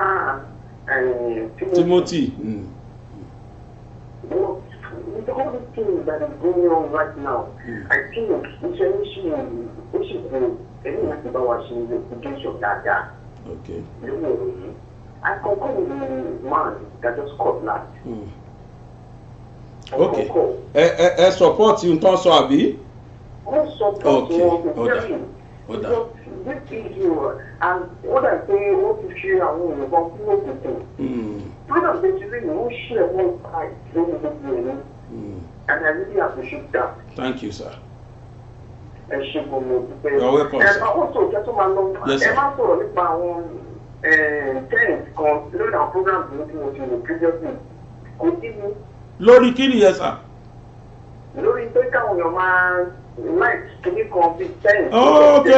Speaker 5: Timothy. Wọ́n the whole thing that is going on right now, hmm. I think iṣẹ́ ń ṣe ó sì kú ẹ̀mí láti bá the ṣe that, dáadáa lórí ọ̀rọ̀ yìí. I concur with the man that just caught that.
Speaker 2: Mm. ok ẹ ẹ ẹ support n tán sọ àbí.
Speaker 5: wọ́n support wọn kò jẹ́ mi because this issue and ó dà you wọ́n ti ṣe àwọn òyìnbọn kúrò
Speaker 2: tuntun.
Speaker 5: Freedom basically will share one side during the meeting. And I really appreciate that. Thank you, sir. Ẹ ṣe gbogbo pípẹ́. You're welcome, sir. Ẹ máa kó sọ̀rọ̀ tó máa lọ. Ẹ máa sọ̀rọ̀ nípa àwọn tẹ́ǹt kan lórí àwọn program yìí tí mo ti wò previously. Kò sí mi.
Speaker 2: Lórí kí nìyẹn sà?
Speaker 5: Lórí pé káwọn èèyàn máa láìpẹ́ kìíní kan bíi tẹ́ǹt. Ok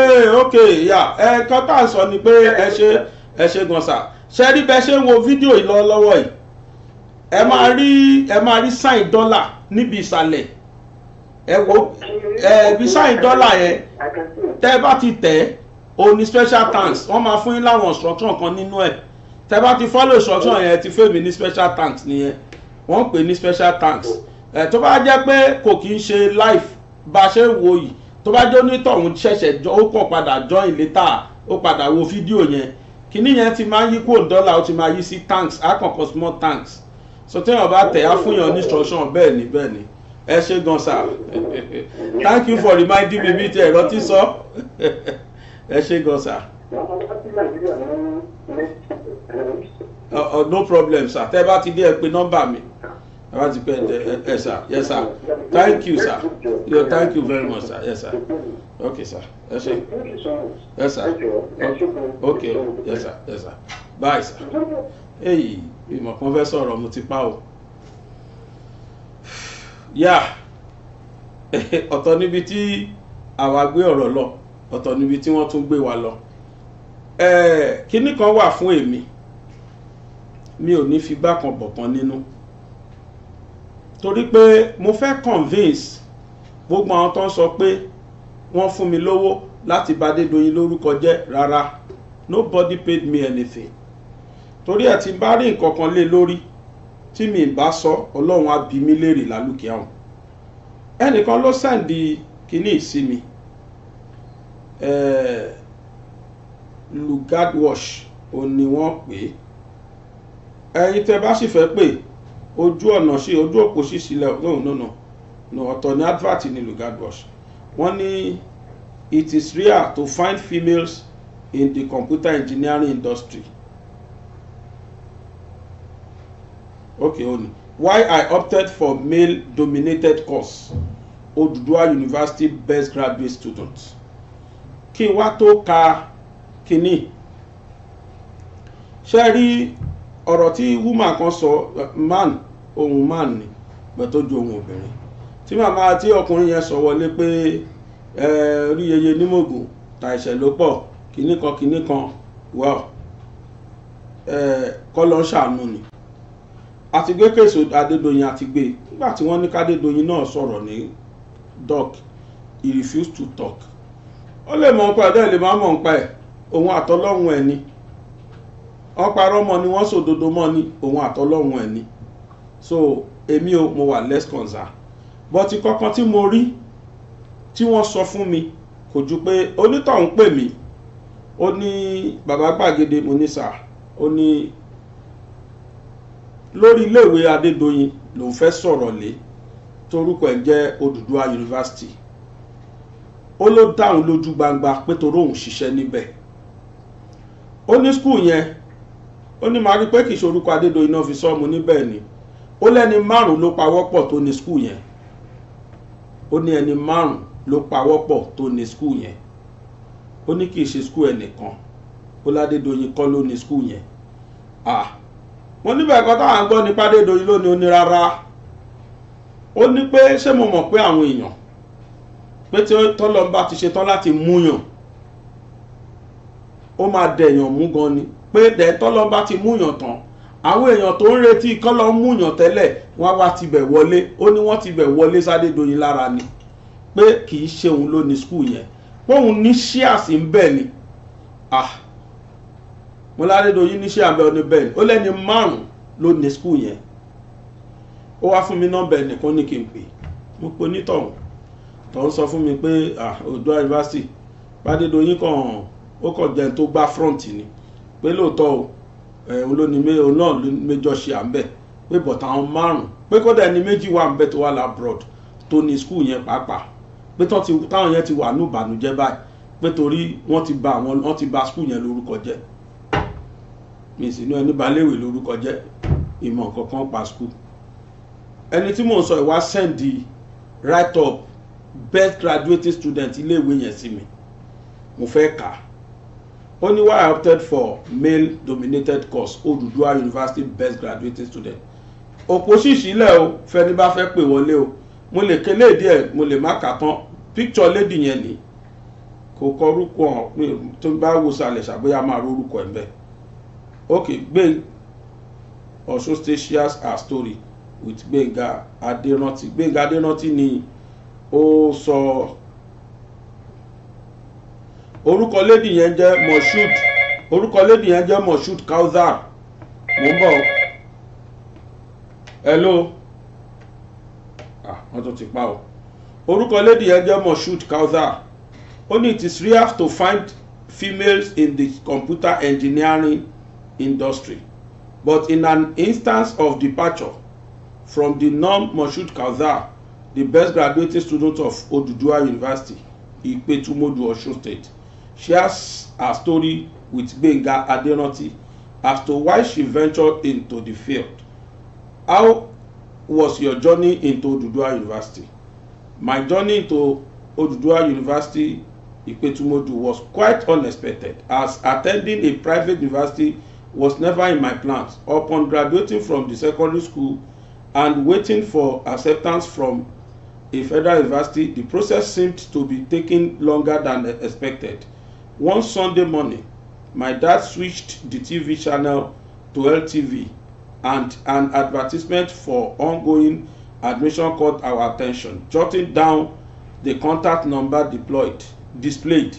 Speaker 2: ok yà ẹ̀ka tá a sọ ni pé ẹ ṣe ẹ ṣe gan sà ṣe rí bẹ́ẹ̀ ṣe ń wo fídíò yìí lọ́wọ́lọ́wọ́ yìí ẹ máa rí ẹ máa rí sáìn dọ́là níbi ìsàlẹ̀ ẹ wo
Speaker 5: ibi sáìn dọ́là yẹn
Speaker 2: tẹ́ ẹ bá ti tẹ̀ ẹ́ o ní special thanks wọ́n máa fún yín láwọn instruction kan nínú ẹ̀ tẹ́ ẹ bá ti follow instruction yẹn ti fèmí ní special thanks nìyẹn wọ́n pè ní special thanks ẹ̀ tó bá jẹ́ pé kò kí ń ṣe live bá a ṣe ń wo yìí tó bá jẹ́ onítọ̀hún ṣẹ̀ṣẹ̀ ó kàn padà join later ó padà wo fídíò yẹn kíní yẹn ti máa yí kúrò dọ́là ó ti máa yí sí tanks akọ̀kọ̀ small tanks so téèyàn bá tẹ̀ á fún yàn ní instruction bẹ́ẹ̀ ni bẹ́ẹ̀ ni ẹ ṣe gan sá thank you for reminding me bí ti ẹ̀rọ ti sọ ẹ ṣe gan sá. Uh, uh, no problem sá tẹ́ bá ti dé ẹ pè nọ́mbà mi ẹ bá ti pẹ́ ẹ ẹ sir yes sir
Speaker 5: thank you sir
Speaker 2: yeah, thank you very much sir yes sir okay sir Yes, sir. yes sir okay yes sir yes sir bye sir Hey, ìmọ̀ kan fẹ́ sọ̀rọ̀ mo ti pa o yá ọ̀tọ̀ níbi tí àwa gbé ọ̀rọ̀ lọ ọ̀tọ̀ níbi tí wọ́n tún gbé wa lọ kíní kan wà fún èmi mi ò ní No torí pé mo fẹ́ convince gbogbo àwọn tó ń sọ pé wọ́n fún mi lówó láti bá Adédoyin lórúkọ jẹ́ rárá nobody paid me anything torí ẹ̀ tí n bá rí nǹkan kan lé lórí tí mi bá sọ ọlọ́run á bi mí léèrè lálùkì àwọn ẹnìkan ló sẹ́ǹdì kínní sí mi lugard wash òun ni wọ́n pè é ẹ̀yin tẹ́ bá sì fẹ́ pè é ojú ọ̀nà ṣe ojú òpó ṣí sílẹ̀ no no no no ọ̀tọ̀ ní advert ní lugard wash wọ́n ní it is rare to find females in the computer engineering industry okay oni why I opted for male dominated course Oduduwa University best graduate student kí n wá tó ka kínní ṣe rí ọ̀rọ̀ tí woman kan sọ man ohun man ni pẹ̀ tó ju ohun obìnrin tí màmá tí ọkùnrin yẹn sọ wọlé pé rí yeye nímògùn ta ẹ̀ṣẹ̀ ló pọ̀ kinní kan kinní kan wà kọ́ lọ́ ṣàánú ni àti gbé kéèsì Adédoyin àti gbé nígbà tí wọ́n ní kádédoyin náà sọ̀rọ̀ ní doc he refused to talk ó lè mọ̀ nípa ẹ̀ dẹ́ lè má mọ̀ nípa ẹ̀ òun àtọ́lọ́hún ẹ̀ ni wọ́n parọ́ mọ́ ni wọ́n sòdodo mọ́ ni òun àtọ́lọ́hún ẹ̀ ni so èmi o mo wà less concerned but kankan tí mo rí tí wọ́n sọ fún mi kò ju pé onítọ̀hún pè mí ó ní bàbá gbàgede mo ní sà ó ní lórí iléèwé adédoyin lòun fẹ́ sọ̀rọ̀ lé torúkọ ẹ̀ jẹ́ Odùduwà yunifásitì ó ló dáhùn lójú gbangba pé torí òun ṣiṣẹ́ níbẹ̀ ó ní skul yẹn ó ní màá rí pé kì í ṣorúkọ Adédoyin náà fi sọ́ọ̀mù níbẹ̀ ni ó lẹ́ni márùn-ún ló pawọ́pọ̀ tó ní skul yẹn ó ní ẹni márùn-ún ló pawọ́pọ̀ tó ní skul yẹn ó ní kì í ṣe skul ẹnìkan ó ládédoyin kọ́ ló ní skul yẹn ah mo níbẹ̀ kan táwọn gbọ́ nípa Adédoyin lónìí ó ní rárá ó ní pé ṣé mo mọ̀ pé àwọn èèyàn pé tí tọ́lọ́mbà ti ṣetán láti múyàn ó máa dẹ̀yàn mú gan ni pé dẹ̀tọ́lọ́ bá ti múyàn tán àwọn èèyàn tó ń retí kọ́lọ́ ń múyàn tẹ́lẹ̀ wọ́n wá tibẹ̀ wọlé ó ní wọ́n tibẹ̀ wọlé Sádédoyin lára ni pé kì í ṣe òun ló ní skul yẹn póun ní ṣíàsì ń bẹ̀ ni ah mo ládédoyin ní ṣíàbẹ̀ ó ní bẹ́ẹ̀ ni ó lẹ́ni márùn-ún ló ní skul yẹn ó wá fún mi nọ́mbà ẹnìkan ní kí n pè mo pe onítọ̀hún tó ń sọ fún mi pé ah Oòduà University Bádédoyin kàn ó kàn jẹun tó gbá front ni pé lóòótọ́ o òun ló ní òun náà ló méjọ ṣe à ń bẹ̀ pé bọ̀tà àwọn márùn-ún pé kódà ẹni méjì wà ń bẹ̀ tó wà lábroad tó ní skul yẹn pàápàá pé táwọn yẹn ti wà ní ìbànújẹ́ báyìí pé torí wọ́n ti ba àwọn wọ́n ti ba skul yẹn lórúkọ jẹ́ mi sì ní ẹni balẹ̀wé lórúkọ jẹ́ ìmọ̀ kankan pa skul ẹni tí mò ń sọ ìwá sẹ́ndì write up best graduating student iléèwé yẹn sí mi mo fẹ́ kà á ó ní why I opted for male dominated course Oduduwa University best graduating student òpó ṣìṣì ilẹ̀ o fẹ́ni bá fẹ́ pè wọlé o mo lè kélé díẹ̀ mo lè má kà tán picture lady yẹn ni kò kọ orúkọ hàn pé tó bá wo sàlẹ̀ ṣàgbéyà máa rórúkọ ẹ̀ bẹ́ẹ̀ ok gbé Ọ̀ṣun state shares her story with Gbénga Adérántí Gbénga Adérántí ni ó sọ. So, orúkọ lady yẹn jẹ́ moshood orúkọ lady yẹn jẹ́ moshood kauzar mo ń bọ̀ hello ah wọ́n tún ti pa o orúkọ lady yẹn jẹ́ moshood kauzar ó ní it is rare to find females in the computer engineering industry but in an instance of departure from the norm moshood kauzar the best graduating student of Oduduwa University Ipetumodu Osun State shares her story with Gbenga Aderanti as to why she ventured into the field. How was your journey into Oduduwa University? My journey into Oduduwa University Ipetumodu was quite unexpected as attending a private university was never in my plans upon graduating from the secondary school and waiting for acceptance from a federal university the process seemed to be taking longer than expected One Sunday morning, my dad switched the TV channel to LTV and an advertisement for ongoing admission caught our attention. Jotting down the contact number deployed displayed,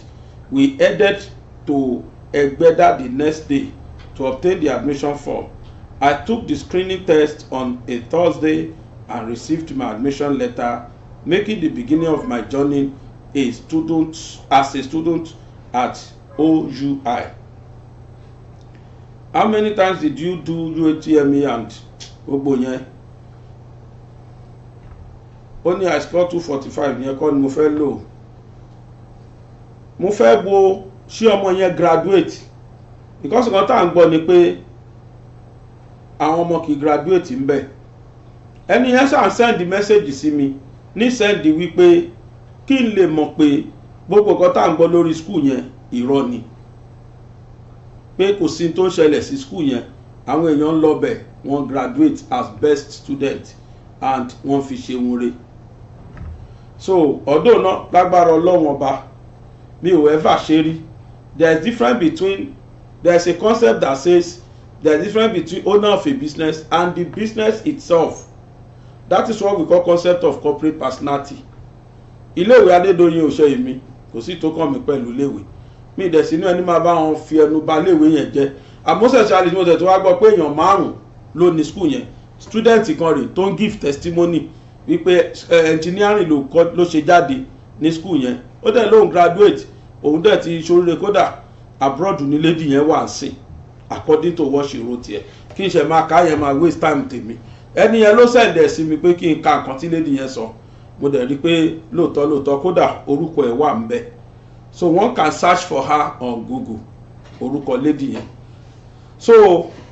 Speaker 2: we headed to Egbeda the next day to obtain the admission form. I took the screening test on a Thursday and received my admission letter, making the beginning of my journey a student as a student at OUI. How many times did you do UATME and gbogbo Only I scored 245. forty five yẹn kọ́ ni mo fẹ́ lò. Mo fẹ́ wo ṣé ọmọ yẹn graduate because nǹkan tá à ń gbọ́ ni pé àwọn ọmọ kì í graduate ń bẹ̀. Ẹni yẹn ṣáà send message sí mi ní send wípé kí n lè mọ̀ pé gbogbo nǹkan tá à ń gbọ́ lórí skul yẹn irọ́ ni pé kò sí tó ń ṣẹlẹ̀ sí skul yẹn àwọn èèyàn ń lọbẹ̀ wọ́n graduate as best student and wọ́n fi ṣe wúre so ọ̀dọ́ náà lágbára ọlọ́wọ́n ọba mi ò ever ṣe rí there is difference between there is a concept that says there is difference between owner of a business and the business itself that is what we call concept of corporate personality iléèwé adédọyìn òṣèyí mi kò sí tó kàn mí pẹ̀lú léwe mi dẹ̀ sínú ẹni máa bá wọn fi ẹnu ba léwe yẹn jẹ àmọ́sẹ̀sẹ̀ alìmọ̀tẹ̀ tó wá gbọ́ pé èèyàn márùn ló ní skul yẹn student kan rè tó ń give testimony wípé engineering ló ṣe jáde ní skul yẹn ó dẹ̀ lóun graduate òun dẹ̀ ti ṣoríire kódà abroad ní lady yẹn wà sí according to what she wrote yẹn kí n ṣe máa ká yẹn máa waste time tèmi ẹni yẹn ló sẹ̀dẹ̀ sí mi pé kí n ka nǹkan tí lady yẹn sọ. So mo dẹ̀ rí i pé lóòótọ́ lóòótọ́ kódà orúkọ ẹ̀ wà ń bẹ̀ so one can search for her on google orúkọ lady yẹn so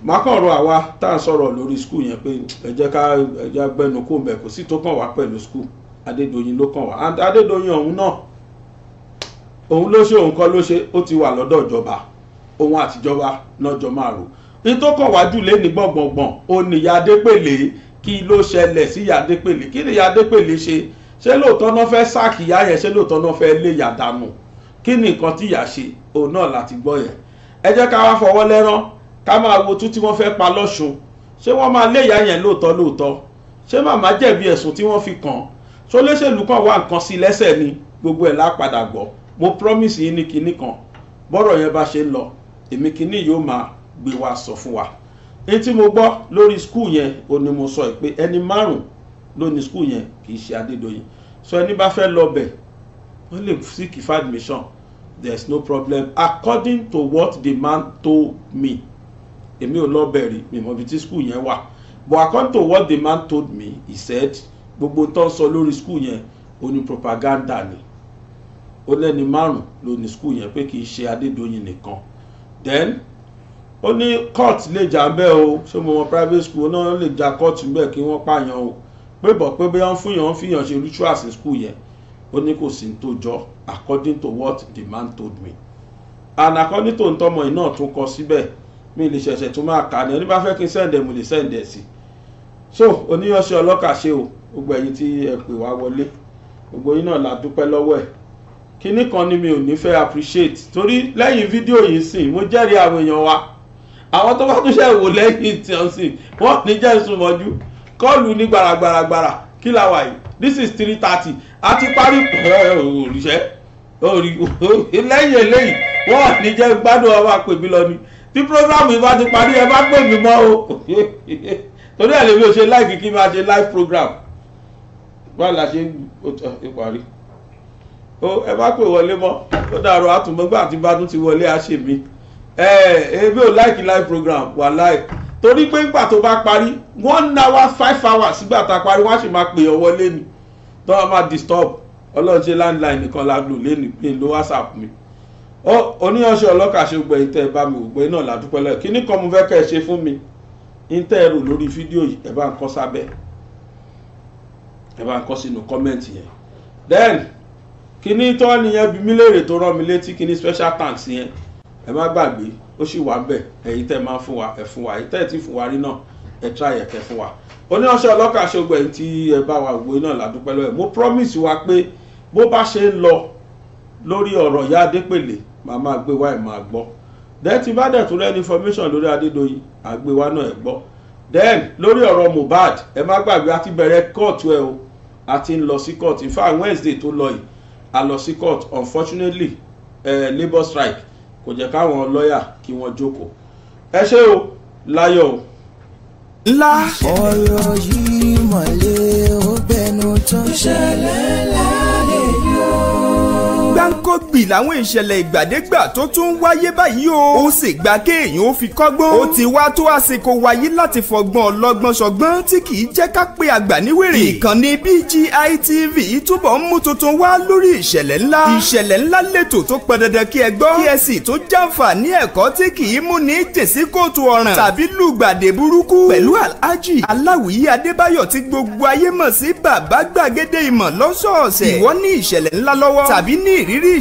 Speaker 2: màá kàn rọ àwa tá à ń sọ̀rọ̀ lórí skul yẹn pé ẹ jẹ́ ká ẹ jẹ́ gbẹ́nu kó ń bẹ̀ kò sí tó kàn wá pẹ̀lú skul Adédoyin ló kàn wá and Adédoyin ọ̀hún náà òun ló ṣe òun kọ́ ló ṣe ó ti wà lọ́dọ̀ ìjọba òun àtijọba náà jọ máa rò ní tó kàn wájú lé ní gbọ̀ngbọ̀ngbọ̀n ó ní ìyá Adépèlé kí ló ṣẹlẹ̀ sí ìyá Adépèlé kí ni ìyá Adépèlé ṣe ṣé lóòótọ́ náà fẹ́ sáàkì ìyá yẹn ṣé lóòótọ́ náà fẹ́ lé ìyá dànù kí ni nǹkan tí ìyá ṣe òun náà láti gbọ́ yẹn ẹ jẹ́ ká wá fọwọ́ lẹ́rán ká máa wo tún tí wọ́n fẹ́ pa lọ́ṣun ṣé wọ́n máa lé ìyá yẹn lóòótọ́ lóòótọ́ ṣé màmá jẹ̀bi ẹ̀sùn tí wọ́n fi kàn ṣó léṣèlú kan wá nǹkan sí lẹ́sẹ̀ ni gbogbo ẹ̀ lápadà gbọ́ mo promise yín ní kinní kan bọ́rọ̀ yẹn bá ṣe ń lọ èmi kinní yóò máa gbé wa sọ fún wa èyí tí mo gbọ́ lórí skul yẹn òní mo sọ pé ẹni márùn-ún ló skul yẹn kì í ṣe Adédoyin so ẹni bá fẹ́ lọ bẹ̀ wọ́n lè seek for admission there is no problem according to what the man told me èmi ò lọ bẹ̀ rí mi tí skul yẹn wà but according to what the man told me he said gbogbo tó ń sọ lórí skul yẹn ó ní propaganda ni ó lẹ́ni márùn ló ní skul yẹn pé kì í ṣe Adédoyin nìkan then ó ní court lè jà bẹ́ẹ̀ o ṣé mo mọ private school náà lè jà court bẹ́ẹ̀ kí wọ́n pààyàn o pé bọ̀ pé bóyá ń fún yàn ń fi yàn ṣe rituals in school yẹn ó ní kò sí ní tó jọ according to what the man told me and according to ntọ́mọ yìí náà tún kọ síbẹ̀ mi lè ṣẹ̀ṣẹ̀ tún máa kà ní oníbà fẹ́ kí n sẹ́ǹdẹ̀ mo lè sẹ́ǹdẹ̀ sí so oníyanṣẹ́ ọlọ́kàṣe o gbogbo ẹ̀yin tí ẹ pè wá wọlé gbogbo yín náà la dúpẹ́ lọ́wọ́ ẹ̀ kinní kan ni mi ò ní fẹ́ appreciate torí lẹ́yìn fídíò yìí sìn mo jẹ́rìí àwọn èèyàn wa àwọn tó bá tún ṣe wò lẹ́yìn tí wọ́n sìn wọ́n ní jẹ́ ìsúnmọ́jú kọ́ọ̀lù ní gbàràgbàràgbàrà kí la wà yìí this is three thirty a ti parí òrìṣẹ́ lẹ́yìn eléyìí wọ́n ní jẹ́ gbádùn ọba pèmí lọ ni tí programu yìí bá ti parí ẹ bá pè mí mọ́ o torí ẹ̀ lè mi ò ṣe live kí n máa ṣe live program báwo la ṣe ń parí ó ẹ bá pè wọlé mọ́ ó dàrú àtúmọ̀gbà àti bá tún ti wọlé àṣẹ mi ẹ ẹ bí ò láìkí live program wà láìkí torí pé ńgbà tó bá parí one hour five hours sígbà tá a parí wọ́n á sì máa pè ọ́ wọlé ni tó wọ́n máa disturb ọlọ́run ṣe landline nìkan lágbo lẹ́nu pé ló whatsapp mi oníyanṣẹ́ ọlọ́kà ṣe gbẹ ìtẹ́ ẹ bá mi ògbẹ́ náà ládùúpẹ́ lọ́yọ̀ kí ní kan mo fẹ́ kẹ́ ẹ ṣe fún mi ìtẹ́ ẹ rò lórí fídíò yìí ẹ bá ń kọ sábẹ́ ẹ bá ń kọ sínú kọ́mẹ́ǹtì yẹn then kí ní tọ́ nìyẹn bí mi léèrè tó rán mi létí kí ní special thanks yẹn ẹ má gbàgbé ó sì wà bẹ̀ èyí tẹ́ máa fún wa ẹ̀ fún wa èyí tẹ́ fún wa rí náà ẹ̀ tra ẹ̀kẹ́ fún wa oníyanṣẹ́ ọlọ́kà ṣogbọ̀ ẹ̀yìn tí ẹ bá wa wòye náà ládùúpẹ́ lọ́wọ́ mo promise wa pé bó bá ṣe ń lọ lórí ọ̀rọ̀ ìyá adépèlé màá máa gbé wa ẹ̀ máa gbọ́ then tí bá dẹ̀ tún rẹ́ information lórí adédọ́yìn àgbéwá náà ẹ̀ gbọ́ then lórí ọ̀rọ̀ mohbad ẹ má gbàgbé a ti bẹ̀rẹ̀ kóòtù ẹ o a ti ń lọ sí kóòtù in fact wednesday tó lọ yìí a lọ sí kóòtù unfortunately eh, labour strike kò jẹ́ káwọn lọ́yà kí wọ́n jókòó ẹ ṣé o láyọ̀ o. ńlá.
Speaker 6: ọ̀rọ̀ yìí mọ̀lẹ́ ó bẹnu tán. ìṣẹ̀lẹ̀ ńlá lè yọ gbì láwọn ìṣẹ̀lẹ̀ ìgbàdégbà tó tún ń wáyé báyìí o. ó sì gba kéèyàn ó fi kọ́gbọ́n. ó ti wá tó àsìkò wáyé láti fọgbọ́n ọlọ́gbọ́n ṣọgbọ́n tí kì í jẹ́ ká pé àgbà níwèrè. ìkànnì BGI TV túbọ̀ ń mú tuntun wá lórí ìṣẹ̀lẹ̀ ńlá. ìṣẹ̀lẹ̀ ńlá lètò tó pọn dandan kí ẹ gbọ́. kí ẹ sì tó jàǹfààní ẹ̀kọ́ tí kì í mú ní tèsí kóòtù ọ̀ràn tàbí lùgbàdé burúkú. pẹ̀lú alhaji aláwìyí adébáyọ̀ tí gbogbo ayé mọ̀ sí bàbá gbàgede ìmọ̀ lọ́sọ̀ọ̀sẹ̀. ìwọ ní ìṣẹ̀lẹ̀ ńlá lọ́wọ́ tàbí ní ìrírí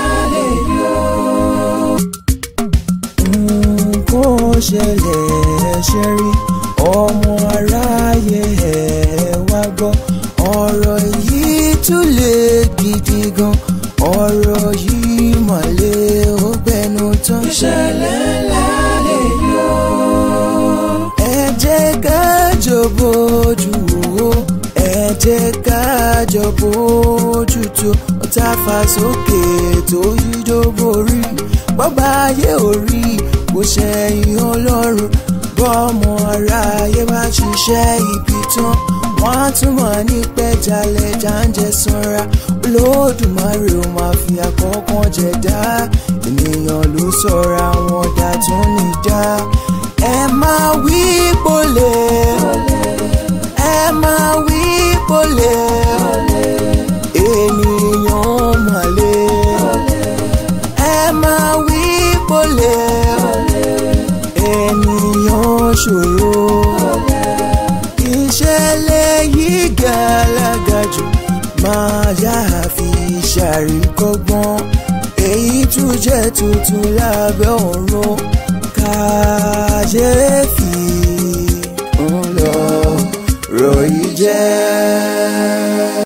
Speaker 1: ṣẹlẹ̀ ẹ ṣe rí ọmọ aráyé ẹ wá gbọ́ ọ̀rọ̀ yìí tún lè gidi gan ọ̀rọ̀ yìí mọ̀ lé ó gbẹnu tán. ìṣẹ̀lẹ̀ ńlá lè yọ. ẹ jẹ́ ká jọ̀bọ̀ ojú wo ẹ jẹ́ ká jọ̀bọ̀ ojú tó tá a fà sókè tó yí dó borí bọ́ba ayé orí kò ṣẹ̀yìn ọlọ́run bọ́ọ̀mù ara ayé bá ṣiṣẹ́ ibi tán wọ́n á túmọ̀ ní pẹ́jálẹ̀ jáǹjẹ́ sanra olódùmarè ó máa fi àkọ́kàn jẹ̀dá ènìyàn ló sọ̀ra wọn dá tó níjà ẹ máa wí pọ̀lẹ́ ẹ máa wí pọ̀lẹ́. ṣòro kì í ṣe léyìí gàlágà jù máa yá àfi ṣàríkọ́gbọ́n èyí tún jẹ́ tuntun lábẹ́ ọ̀run kàyéfì ń lọ ròyìn jẹ́.